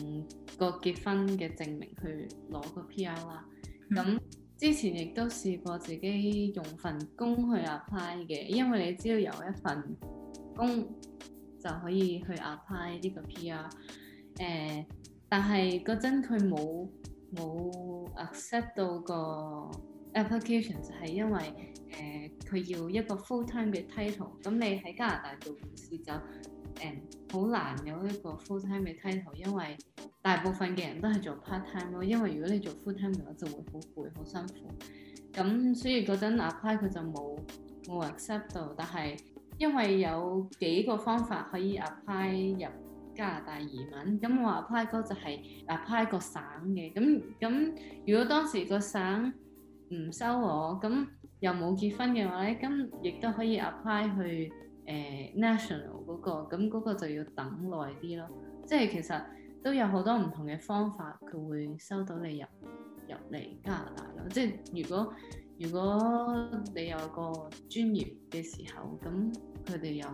個結婚嘅證明去攞個 P.R. 啦。咁、嗯、之前亦都試過自己用份工去 apply 嘅，因為你知道有一份工就可以去 apply 呢個 P.R. 誒。呃但係嗰陣佢冇冇 accept 到個 application，就係因為誒佢、呃、要一個 full time 嘅 title。咁你喺加拿大做護士就誒好、呃、難有一個 full time 嘅 title，因為大部分嘅人都係做 part time 咯。因為如果你做 full time 嘅話，就會好攰好辛苦。咁所以嗰陣 apply 佢就冇冇 accept 到。但係因為有幾個方法可以 apply 入加拿大移民，咁我話 apply 個就係 apply 個省嘅，咁咁如果當時個省唔收我，咁又冇結婚嘅話咧，咁亦都可以 apply 去誒、呃、national 嗰、那個，咁嗰個就要等耐啲咯。即係其實都有好多唔同嘅方法，佢會收到你入入嚟加拿大咯。即係如果如果你有個專業嘅時候，咁佢哋又。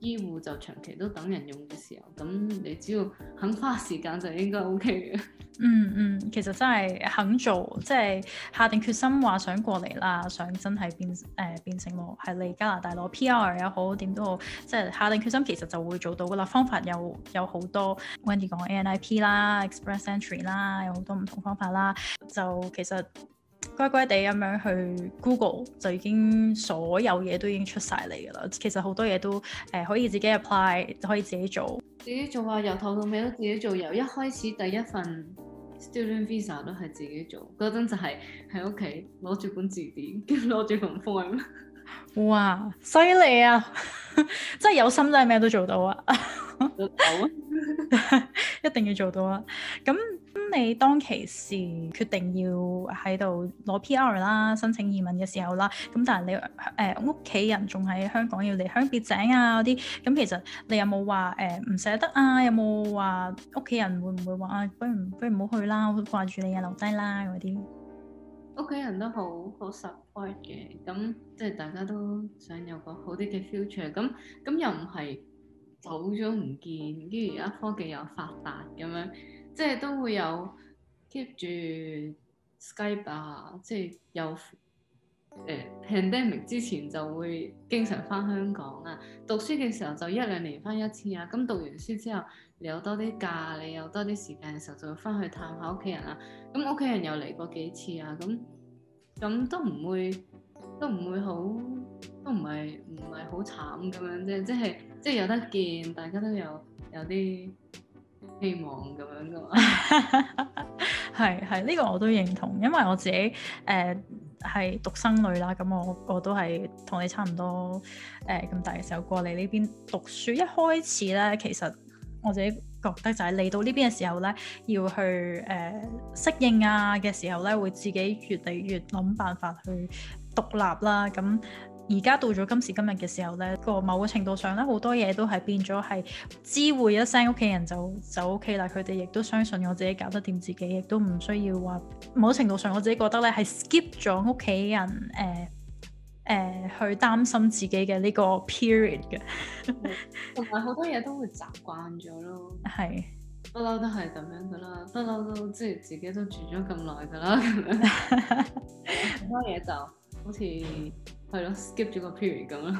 醫護就長期都等人用嘅時候，咁你只要肯花時間就應該 OK 嘅。嗯嗯，其實真係肯做，即係下定決心話想過嚟啦，想真係變誒、呃、變成我，係嚟加拿大攞 P.R. 又好，點都好，即係下定決心，其實就會做到噶啦。方法有有好多，Wendy 講 N.I.P. 啦，Express Entry 啦，有好多唔同方法啦，就其實。乖乖地咁樣去 Google 就已經所有嘢都已經出晒嚟㗎啦。其實好多嘢都誒、呃、可以自己 apply，可以自己做。自己做啊，由頭到尾都自己做。由一開始第一份 student visa 都係自己做。嗰陣就係喺屋企攞住本字典，攞住份 form 哇，犀利啊！ 真係有心，真係咩都做到啊！ 一定要做到啊！咁你當其時決定要喺度攞 P.R. 啦，申請移民嘅時候啦，咁但係你誒屋企人仲喺香港要離鄉別井啊嗰啲，咁其實你有冇話誒唔捨得啊？有冇話屋企人會唔會話啊不如，不如不如唔好去啦，我掛住你啊，留低啦嗰啲？屋企人都好好 support 嘅，咁即係大家都想有個好啲嘅 future，咁咁又唔係走咗唔見，跟住而家科技又發達咁樣，即係都會有 keep 住 Skype 啊，即係有誒 pandemic、呃、之前就會經常翻香港啊，讀書嘅時候就一兩年翻一次啊，咁讀完書之後。你有多啲假，你有多啲時間嘅時候，就會翻去探下屋企人啦。咁屋企人又嚟過幾次啊？咁咁都唔會，都唔會好，都唔係唔係好慘咁樣啫。即係即係有得見，大家都有有啲希望咁樣噶嘛。係係， 呢、呢個我都認同，因為我自己誒係獨生女啦。咁我我都係同你差唔多誒咁、呃、大嘅時候過嚟呢邊讀書。一開始咧，其實～我自己覺得就係嚟到呢邊嘅時候呢，要去誒適、呃、應啊嘅時候呢，會自己越嚟越諗辦法去獨立啦。咁而家到咗今時今日嘅時候呢，個某個程度上呢，好多嘢都係變咗係知會一聲屋企人就就 O、OK、K 啦。佢哋亦都相信我自己搞得掂自己，亦都唔需要話某程度上我自己覺得呢係 skip 咗屋企人誒。呃誒、呃，去擔心自己嘅呢個 period 嘅，同埋好多嘢都會習慣咗咯。係是，不嬲都係咁樣噶啦，不嬲都即係自己都住咗咁耐噶啦，咁樣好多嘢就好似係咯 skip 咗個 period 咁咯。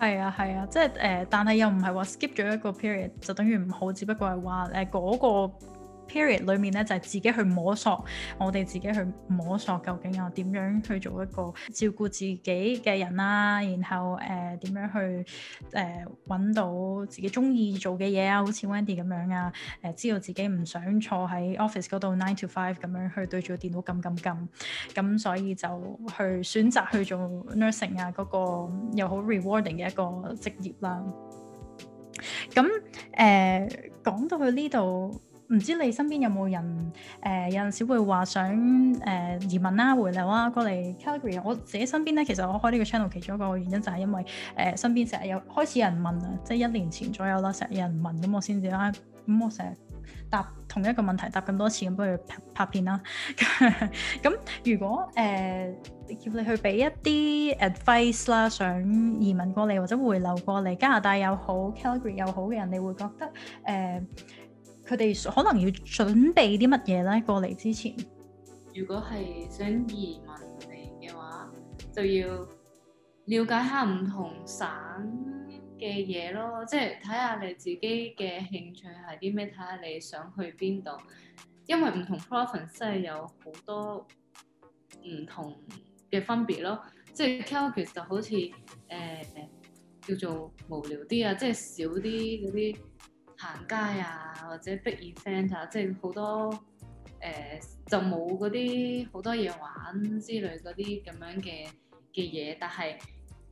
係啊係啊，即係誒、呃，但係又唔係話 skip 咗一個 period 就等於唔好，只不過係話誒嗰個。Period 裡面咧就係、是、自己去摸索，我哋自己去摸索究竟我、啊、點樣去做一個照顧自己嘅人啦、啊？然後誒點、呃、樣去誒揾、呃、到自己中意做嘅嘢啊，好似 Wendy 咁樣啊，誒、呃、知道自己唔想坐喺 office 嗰度 nine to five 咁樣去對住電腦撳撳撳，咁所以就去選擇去做 nursing 啊，嗰、那個又好 rewarding 嘅一個職業啦。咁誒、呃、講到去呢度。唔知你身邊有冇人誒、呃、有陣時會話想誒、呃、移民啦、啊、回流啦、啊、過嚟 Calgary？我自己身邊咧，其實我開呢個 channel 其中一個原因就係因為誒、呃、身邊成日有開始有人問啊，即係一年前左右啦，成日有人問咁我先至啦，咁、哎嗯、我成日答同一個問題答咁多次咁不如拍、拍片啦。咁 如果誒、呃、叫你去俾一啲 advice 啦，想移民過嚟或者回流過嚟加拿大又好、Calgary 又好嘅人，你會覺得誒、呃佢哋可能要準備啲乜嘢咧？過嚟之前，如果係想移民嚟嘅話，就要了解下唔同省嘅嘢咯，即係睇下你自己嘅興趣係啲咩，睇下你想去邊度，因為唔同 province 真係有好多唔同嘅分別咯，即係 Calgary 就好似誒、呃、叫做無聊啲啊，即係少啲嗰啲。行街啊，或者逼 event 啊，即係好多誒、呃、就冇嗰啲好多嘢玩之類嗰啲咁樣嘅嘅嘢，但係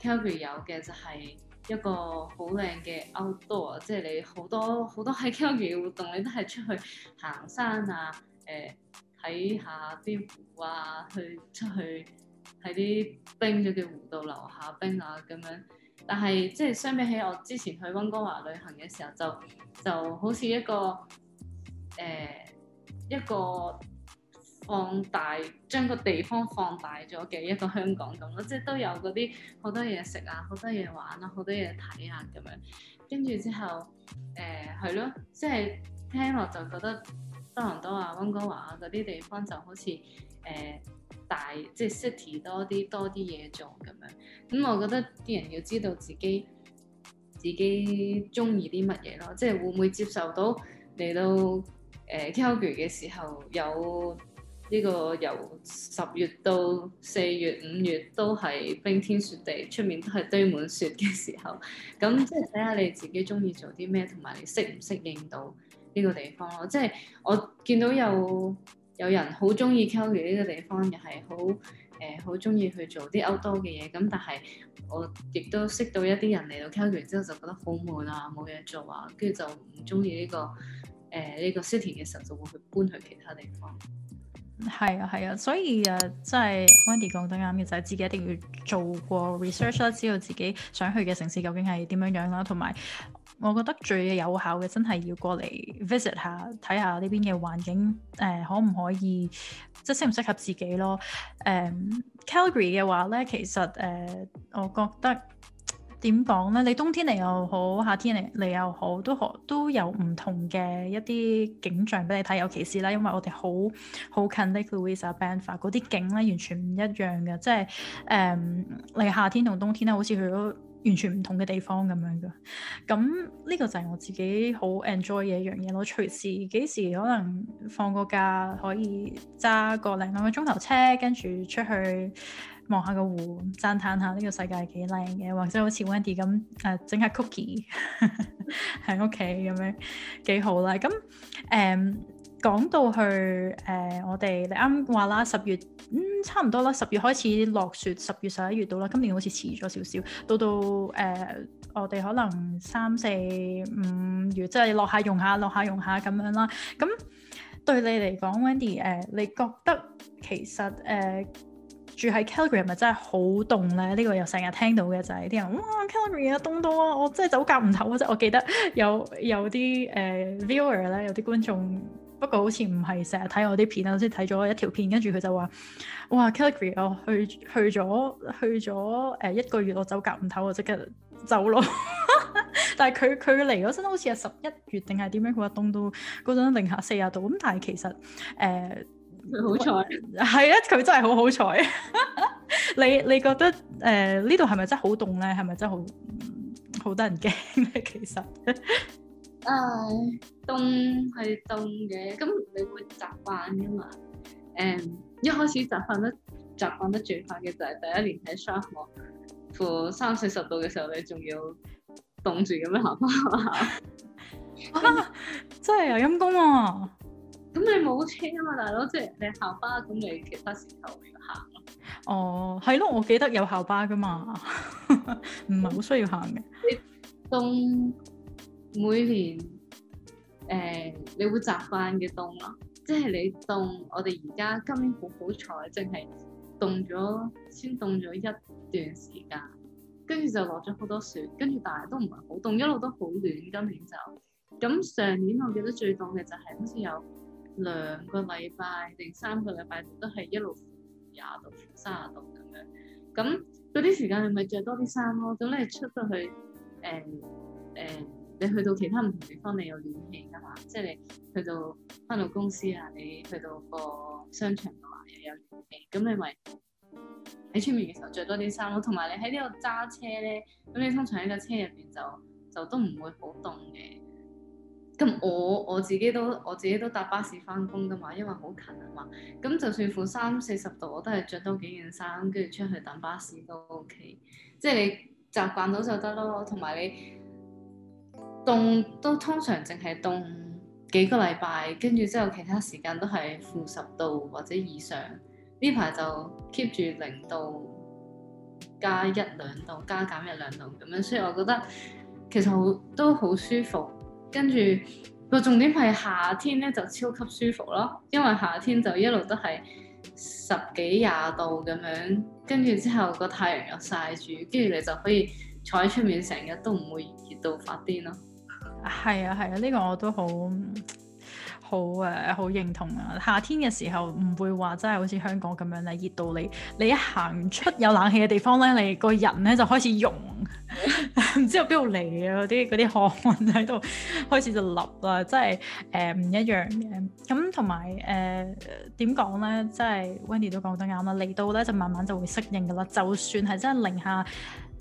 Calgary 有嘅就係一個好靚嘅 outdoor，即係你好多好多喺 Calgary 嘅活動，你都係出去行山啊，誒、呃、睇下啲湖啊，去出去喺啲冰咗嘅湖度溜下冰啊咁樣。但係即係相比起我之前去溫哥華旅行嘅時候，就就好似一個誒、呃、一個放大將個地方放大咗嘅一個香港咁、啊啊啊呃、咯，即係都有嗰啲好多嘢食啊、好多嘢玩啊、好多嘢睇啊咁樣。跟住之後誒係咯，即係聽落就覺得多倫多啊、溫哥華啊嗰啲地方就好似誒。呃大即係 city 多啲，多啲嘢做咁樣。咁、嗯、我覺得啲人要知道自己自己中意啲乜嘢咯，即係會唔會接受到你到誒 Calgary 嘅時候有呢、呢個由十月到四月、五月都係冰天雪地，出面都係堆滿雪嘅時候。咁、嗯、即係睇下你自己中意做啲咩，同埋你適唔適應到呢個地方咯。即係我見到有。有人好中意 Calgary 呢個地方，又係好誒好中意去做啲 outdoor 嘅嘢。咁但係我亦都識到一啲人嚟到 Calgary 之後就覺得好悶啊，冇嘢做啊，跟住就唔中意呢個誒呢、呃呢個 city 嘅時候就會去搬去其他地方。係啊係啊，所以誒即、啊、係 Wendy 講得啱嘅就係自己一定要做過 research 啦，知道自己想去嘅城市究竟係點樣樣啦，同埋。我覺得最有效嘅真係要過嚟 visit 下，睇下呢邊嘅環境，誒、呃、可唔可以，即係適唔適合自己咯？誒、嗯、Calgary 嘅話咧，其實誒、呃、我覺得點講咧？你冬天嚟又好，夏天嚟嚟又好，都可都有唔同嘅一啲景象俾你睇。尤其是啦，因為我哋好好近 Lake Louise、Banff 嗰啲景咧，完全唔一樣嘅。即係誒你夏天同冬天咧，好似去到。完全唔同嘅地方咁樣噶，咁呢個就係我自己好 enjoy 嘅一樣嘢。我隨時幾時可能放個假，可以揸個零兩個鐘頭車，跟住出去望下個湖，讚歎下呢個世界係幾靚嘅，或者好似 Wendy 咁誒整下 cookie 喺屋企咁樣幾、啊、 好啦。咁誒。嗯講到去誒、呃，我哋你啱話啦，十月嗯差唔多啦，十月開始落雪，十月十一月到啦。今年好似遲咗少少，到到誒、呃，我哋可能三四五月即係落下，下融下落下，下，下融下咁樣啦。咁、嗯、對你嚟講，Wendy 誒、呃，你覺得其實誒、呃、住喺 Calgary 咪真係好凍咧？呢、這個又成日聽到嘅就係、是、啲人哇 Calgary 啊凍到啊！我真係走夾唔唞啊！即我記得有有啲誒 viewer 咧，有啲、呃、觀眾。不過好似唔係成日睇我啲片啊，我先睇咗一條片，跟住佢就話：哇，Calgary 我去去咗去咗誒一個月，我走夾唔唞我即刻走咯！ 但係佢佢嚟嗰陣好似係十一月定係點樣？佢話凍到嗰陣零下四啊度。咁但係其實誒，佢好彩係啊！佢真係好好彩。 你你覺得誒、呃、呢度係咪真係好凍咧？係咪真係好好得人驚咧？其實。誒，凍係凍嘅，咁你會習慣噶嘛？誒、嗯，一開始習慣得習慣得最快嘅就係第一年喺沙漠負三四十度嘅時候，你仲要凍住咁樣行翻學校，真係又陰功啊！咁你冇車啊嘛，大佬，即係你校巴咁，你其他時候要行咯。哦，係咯，我記得有校巴噶嘛，唔係好需要行嘅。你凍。每年誒，呃，你會習慣嘅凍咯，即係你凍。我哋而家今年好好彩，淨係凍咗先凍咗一段時間，跟住就落咗好多雪，跟住但係都唔係好凍，一路都好暖。今年就咁，上年，我記得最凍嘅就係好似有兩個禮拜定三個禮拜都係一路負廿度，負三十度咁樣。咁嗰啲時間係咪着多啲衫咯？咁你出到去誒誒，呃呃你去到其他唔同地方，你有暖氣噶嘛？即係你去到翻到公司啊，你去到個商場嘅話，又有暖氣，咁你咪喺出面嘅時候着多啲衫咯。同埋你喺呢度揸車咧，咁你通常喺架車入邊就就都唔會好凍嘅。咁我我自己都我自己都搭巴士翻工噶嘛，因為好近啊嘛。咁就算負三四十度，我都係着多幾件衫，跟住出去等巴士都 OK。即係你習慣到就得咯，同埋你。凍都通常淨係凍幾個禮拜，跟住之後其他時間都係負十度或者以上。呢排就 keep 住零度加一兩度，加減一兩度咁樣，所以我覺得其實好都好舒服。跟住個重點係夏天呢就超級舒服咯，因為夏天就一路都係十幾廿度咁樣，跟住之後個太陽又曬住，跟住你就可以坐喺出面成日都唔會熱到發癲咯。係啊係啊，呢、啊呢個我都好好誒好認同啊！夏天嘅時候唔會話真係好似香港咁樣咧，熱到你你一行出有冷氣嘅地方咧，你個人咧就開始溶，唔 知由邊度嚟啊嗰啲嗰啲汗喺度開始就立啦，真係誒唔一樣嘅。咁同埋誒點講咧，即係、呃、Wendy 都講得啱啦，嚟到咧就慢慢就會適應噶啦，就算係真係零下，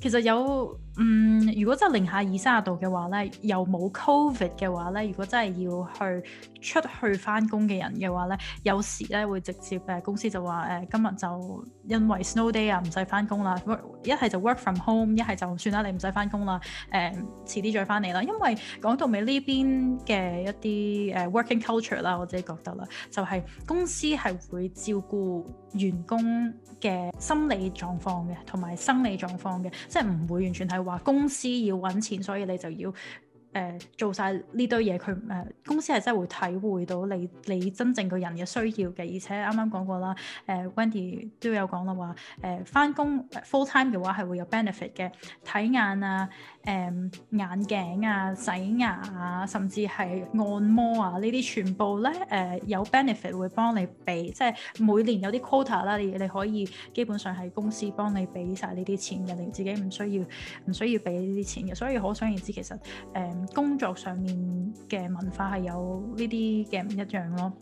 其實有。嗯，如果真係零下二三十度嘅話咧，又冇 COVID 嘅話咧，如果真係要去出去翻工嘅人嘅話咧，有時咧會直接誒、呃、公司就話誒、呃、今日就因為 snow day 啊，唔使翻工啦，一係就 work from home，一係就算啦，你唔使翻工啦，誒、呃、遲啲再翻嚟啦。因為講到尾呢邊嘅一啲誒、呃、working culture 啦，我自己覺得啦，就係、是、公司係會照顧員工嘅心理狀況嘅，同埋生理狀況嘅，即係唔會完全係。話公司要揾錢，所以你就要誒、呃、做晒呢堆嘢。佢誒、呃、公司係真係會體會到你你真正個人嘅需要嘅。而且啱啱講過啦，誒、呃、Wendy 都有講啦、呃呃、話誒翻工 full time 嘅話係會有 benefit 嘅，睇眼啊。誒、嗯、眼鏡啊、洗牙啊，甚至係按摩啊，呢啲全部咧誒、呃、有 benefit 會幫你俾，即係每年有啲 quota 啦，你你可以基本上係公司幫你俾晒呢啲錢嘅，你自己唔需要唔需要俾呢啲錢嘅，所以可想而知其實誒、呃、工作上面嘅文化係有呢啲嘅唔一樣咯。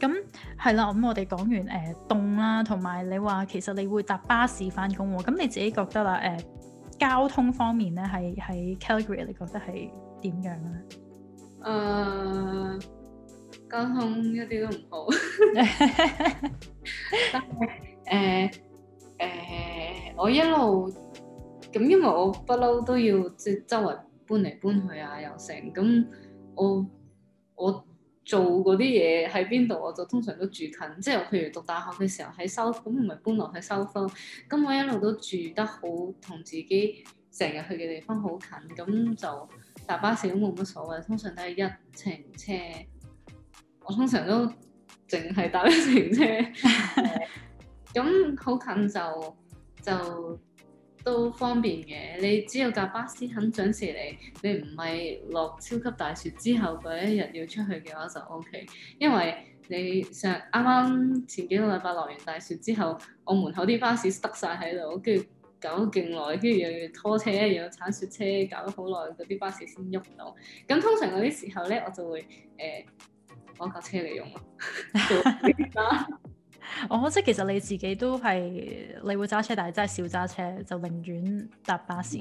咁係、呃、啦，咁我哋講完誒凍啦，同埋你話其實你會搭巴士返工喎，咁你自己覺得啦誒？呃交通方面咧，喺喺 Calgary，你覺得係點樣咧？誒，uh，交通一啲都唔好。誒誒，我一路咁，因為我不嬲都要即係周圍搬嚟搬去啊，又成咁我我。我做嗰啲嘢喺邊度，我就通常都住近，即係譬如讀大學嘅時候喺收，咁唔係搬落去收分，咁我一路都住得好，同自己成日去嘅地方好近，咁就搭巴士都冇乜所謂，通常都係一程車，我通常都淨係搭一程車，咁好 近就就。都方便嘅，你只要架巴士肯準時嚟，你唔係落超級大雪之後嗰一日要出去嘅話就 O K。因為你上啱啱前幾個禮拜落完大雪之後，我門口啲巴士塞晒喺度，跟住搞勁耐，跟住又要拖車，又要鏟雪車，搞咗好耐，嗰啲巴士先喐到。咁通常嗰啲時候咧，我就會誒攞架車嚟用咯。 我即係其實你自己都係，你會揸車，但係真係少揸車，就寧願搭巴士。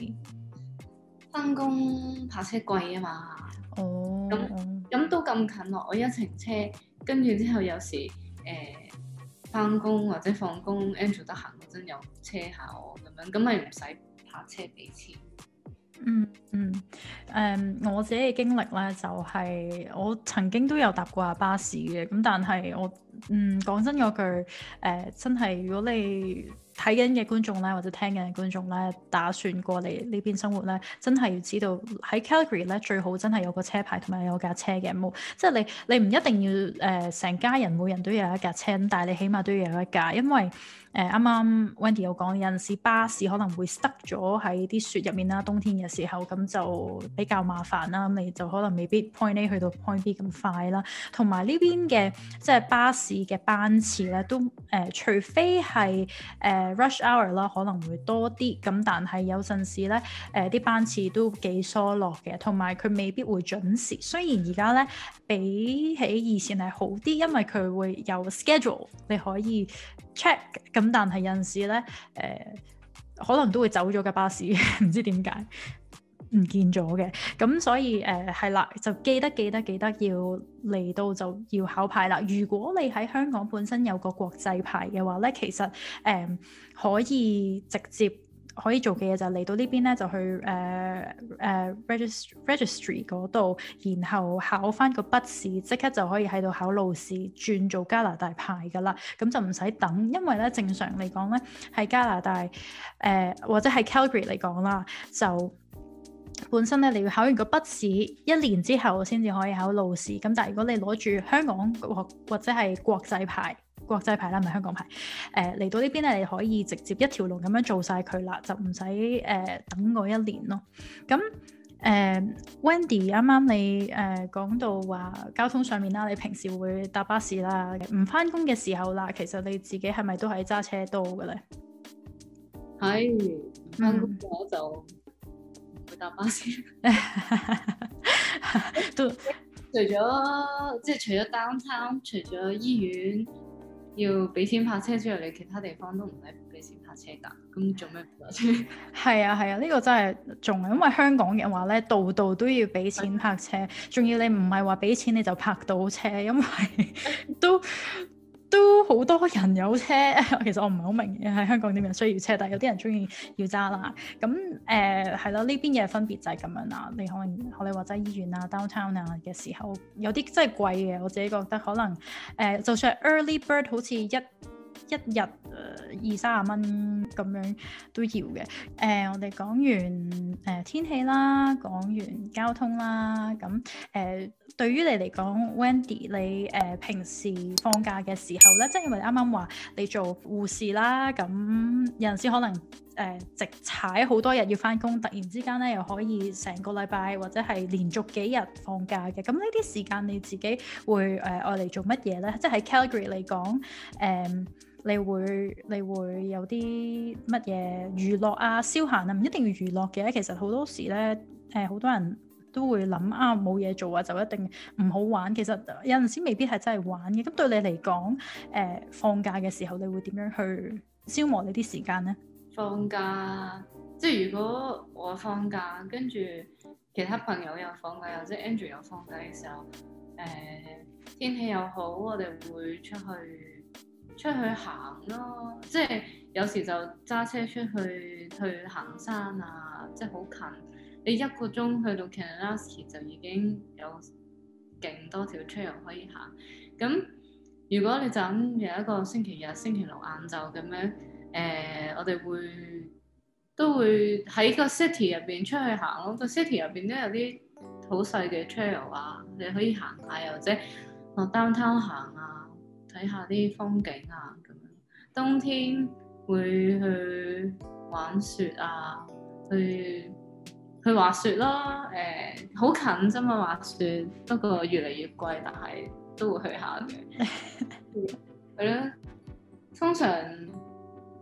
翻工泊車貴啊嘛，哦、oh.，咁咁都咁近咯，我一程車，跟住之後有時誒翻工或者放工 Angel 得閒嗰陣有車下我，咁樣咁咪唔使泊車俾錢。嗯嗯，誒、嗯、我自己嘅經歷咧，就係、是、我曾經都有搭過吓巴士嘅，咁但係我，嗯講真嗰句，誒、呃、真係如果你睇緊嘅觀眾咧，或者聽緊嘅觀眾咧，打算過嚟呢邊生活咧，真係要知道喺 Calgary 咧，最好真係有個車牌同埋有架車嘅，冇即係你你唔一定要誒成、呃、家人每人都有一架車，但係你起碼都要有一架，因為。誒啱啱 Wendy 有講有陣時巴士可能會塞咗喺啲雪入面啦，冬天嘅時候咁就比較麻煩啦，咁你就可能未必 point A 去到 point B 咁快啦。同埋呢邊嘅即係巴士嘅班次咧，都誒、呃、除非係誒、呃、rush hour 啦，可能會多啲咁，但係有陣時咧誒啲班次都幾疏落嘅，同埋佢未必會準時。雖然而家咧比起以前係好啲，因為佢會有 schedule 你可以。check 咁，但係有陣時咧，誒可能都會走咗嘅巴士，唔知點解唔見咗嘅。咁所以誒係啦，就記得記得記得要嚟到就要考牌啦。如果你喺香港本身有個國際牌嘅話咧，其實誒、呃、可以直接。可以做嘅嘢就嚟到呢邊咧，就去誒誒、uh, uh, registry registry 嗰度，然後考翻個筆試，即刻就可以喺度考路試轉做加拿大牌噶啦。咁就唔使等，因為咧正常嚟講咧，喺加拿大誒、呃、或者係 Calgary 嚟講啦，就本身咧你要考完個筆試一年之後先至可以考路試，咁但係如果你攞住香港或或者係國際牌。國際牌啦，唔係香港牌。誒、呃、嚟到呢邊咧，你可以直接一條龍咁樣做晒佢啦，就唔使誒等我一年咯。咁、嗯、誒，Wendy 啱啱你誒講、呃、到話交通上面啦，你平時會搭巴士啦，唔翻工嘅時候啦，其實你自己係咪都喺揸車多嘅咧？係翻工我就，嗯、我就唔會搭巴士。 都除咗即係除咗 downtown 除咗醫院。要俾錢泊車之後，你其他地方都唔使俾錢泊車㗎。咁做咩泊車？係啊係啊，呢個真係仲係，因為香港嘅話咧，度度都要俾錢泊車，仲要 你唔係話俾錢你就泊到車，因為 都。都好多人有車，其實我唔係好明喺香港點樣需要車，但係有啲人中意要揸啦。咁誒係啦，呢、呃、邊嘢分別就係咁樣啦。你可能你或者醫院啊、Downtown 啊嘅時候，有啲真係貴嘅，我自己覺得可能誒、呃，就算係 early bird，好似一。一日誒、呃、二三十蚊咁樣都要嘅。誒、呃，我哋講完誒、呃、天氣啦，講完交通啦，咁誒、呃、對於你嚟講，Wendy 你誒、呃、平時放假嘅時候咧，即係因為啱啱話你做護士啦，咁有陣時可能誒、呃、直踩好多日要返工，突然之間咧又可以成個禮拜或者係連續幾日放假嘅，咁呢啲時間你自己會誒愛嚟做乜嘢咧？即係喺 Calgary 嚟講誒。呃你會你會有啲乜嘢娛樂啊、消閒啊，唔一定要娛樂嘅。其實好多時咧，誒、呃、好多人都會諗啊，冇嘢做啊，就一定唔好玩。其實有陣時未必係真係玩嘅。咁對你嚟講，誒、呃、放假嘅時候，你會點樣去消磨你啲時間咧？放假即係如果我放假，跟住其他朋友又放假，又即係 Andrew 又放假嘅時候，誒、呃、天氣又好，我哋會出去。出去行咯，即係有時就揸車出去去行山啊！即係好近，你一個鐘去到 Kananaskis 就已經有勁多條 trail 可以行。咁如果你就咁有一個星期日、星期六晏晝咁樣，誒、呃，我哋會都會喺個 city 入邊出去行咯。個 city 入邊都有啲好細嘅 trail 啊，你可以行下又或者落 downtown 行啊。睇下啲風景啊，咁樣冬天會去玩雪啊，去去滑雪咯，誒、呃、好近啫嘛滑雪，不過越嚟越貴，但係都會去下嘅。係咯， 通常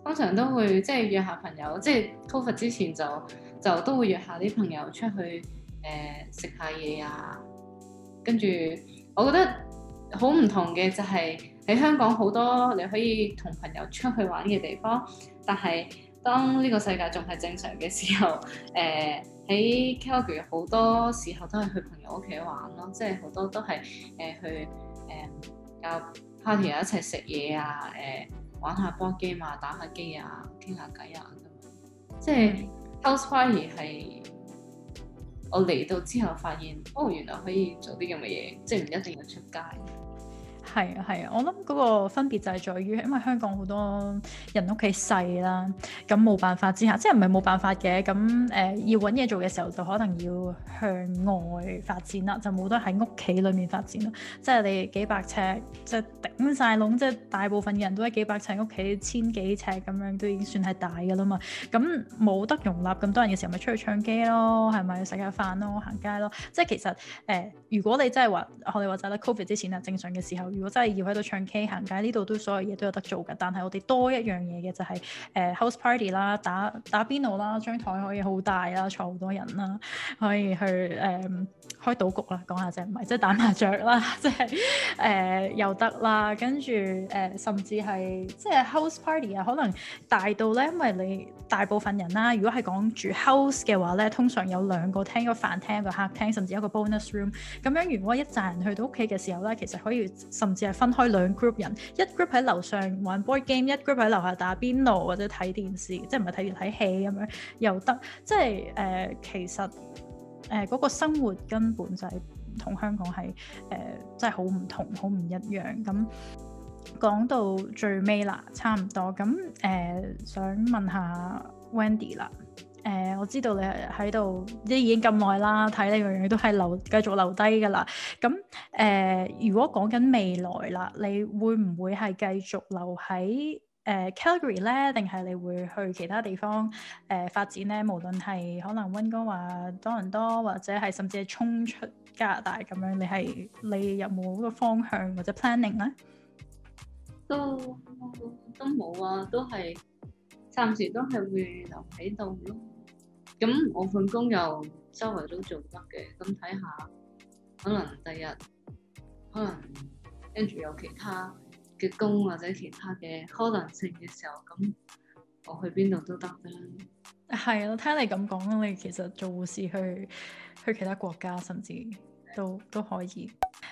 通常都會即係、就是、約下朋友，即、就、係、是、COVID 之前就就都會約下啲朋友出去誒食、呃、下嘢啊，跟住我覺得好唔同嘅就係、是。喺香港好多你可以同朋友出去玩嘅地方，但係當呢個世界仲係正常嘅時候，誒、呃，喺 Calgary 好多時候都係去朋友屋企玩咯，即係好多都係誒、呃、去誒有 party 一齊食嘢啊，誒、呃、玩下 board game 啊，打下機啊，傾下偈啊咁。即係 house party 係我嚟到之後發現哦，原來可以做啲咁嘅嘢，即係唔一定要出街。係啊係啊，我諗嗰個分別就係在於，因為香港好多人屋企細啦，咁冇辦法之下，即係唔係冇辦法嘅，咁誒、呃、要揾嘢做嘅時候就可能要向外發展啦，就冇得喺屋企裡面發展啦。即係你幾百尺，即係頂晒籠，即係大部分人都喺幾百尺屋企，千幾尺咁樣都已經算係大㗎啦嘛。咁冇得容納咁多人嘅時候，咪出去唱 K 咯，係咪食下飯咯，行街咯。即係其實誒、呃，如果你真係話學你話齋啦，COVID 之前啊，正常嘅時候。如果真係要喺度唱 K 行街，呢度都所有嘢都有得做嘅。但係我哋多一樣嘢嘅就係、是、誒、呃、house party 啦，打打邊爐啦，張台可以好大啦，坐好多人啦，可以去誒、呃、開賭局啦，講下啫，唔係即係打麻雀啦，即係誒又得啦。跟住誒甚至係即係 house party 啊，可能大到咧，因為你大部分人啦，如果係講住 house 嘅話咧，通常有兩個廳，一個飯廳一個客廳，甚至一個 bonus room。咁樣，如果一紮人去到屋企嘅時候咧，其實可以甚至係分開兩 group 人，一 group 喺樓上玩 board game，一 group 喺樓下打邊爐或者睇電視，即係唔係睇電睇戲咁樣又得。即係誒、呃，其實誒嗰、呃那個生活根本就係同香港係誒真係好唔同，好唔一樣。咁講到最尾啦，差唔多咁誒、呃，想問問下 Wendy 啦。誒、呃，我知道你喺度，即已經咁耐啦。睇你樣樣都係留，繼續留低㗎啦。咁誒、呃，如果講緊未來啦，你會唔會係繼續留喺誒 Calgary 咧？定、呃、係你會去其他地方誒、呃、發展咧？無論係可能溫哥華、多倫多，或者係甚至係衝出加拿大咁樣，你係你有冇個方向或者 planning 咧？都都冇啊，都係暫時都係會留喺度咯。咁我份工又周圍都做得嘅，咁睇下可能第日可能跟住有其他嘅工或者其他嘅可能性嘅時候，咁我去邊度都得啦。係啊，聽你咁講，你其實做護士去去其他國家，甚至。都都可以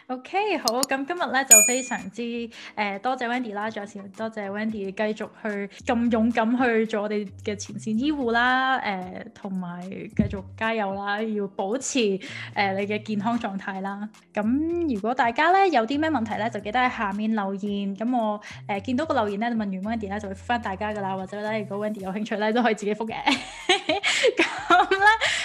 ，OK，好，咁今日咧就非常之誒、呃、多謝 Wendy 啦，再次多謝 Wendy 繼續去咁勇敢去做我哋嘅前線醫護啦，誒同埋繼續加油啦，要保持誒、呃、你嘅健康狀態啦。咁如果大家咧有啲咩問題咧，就記得喺下面留言。咁我誒、呃、見到個留言咧，就問完 Wendy 咧，就會覆返大家㗎喇，或者咧如果 Wendy 有興趣咧，都可以自己覆嘅。咁 咧。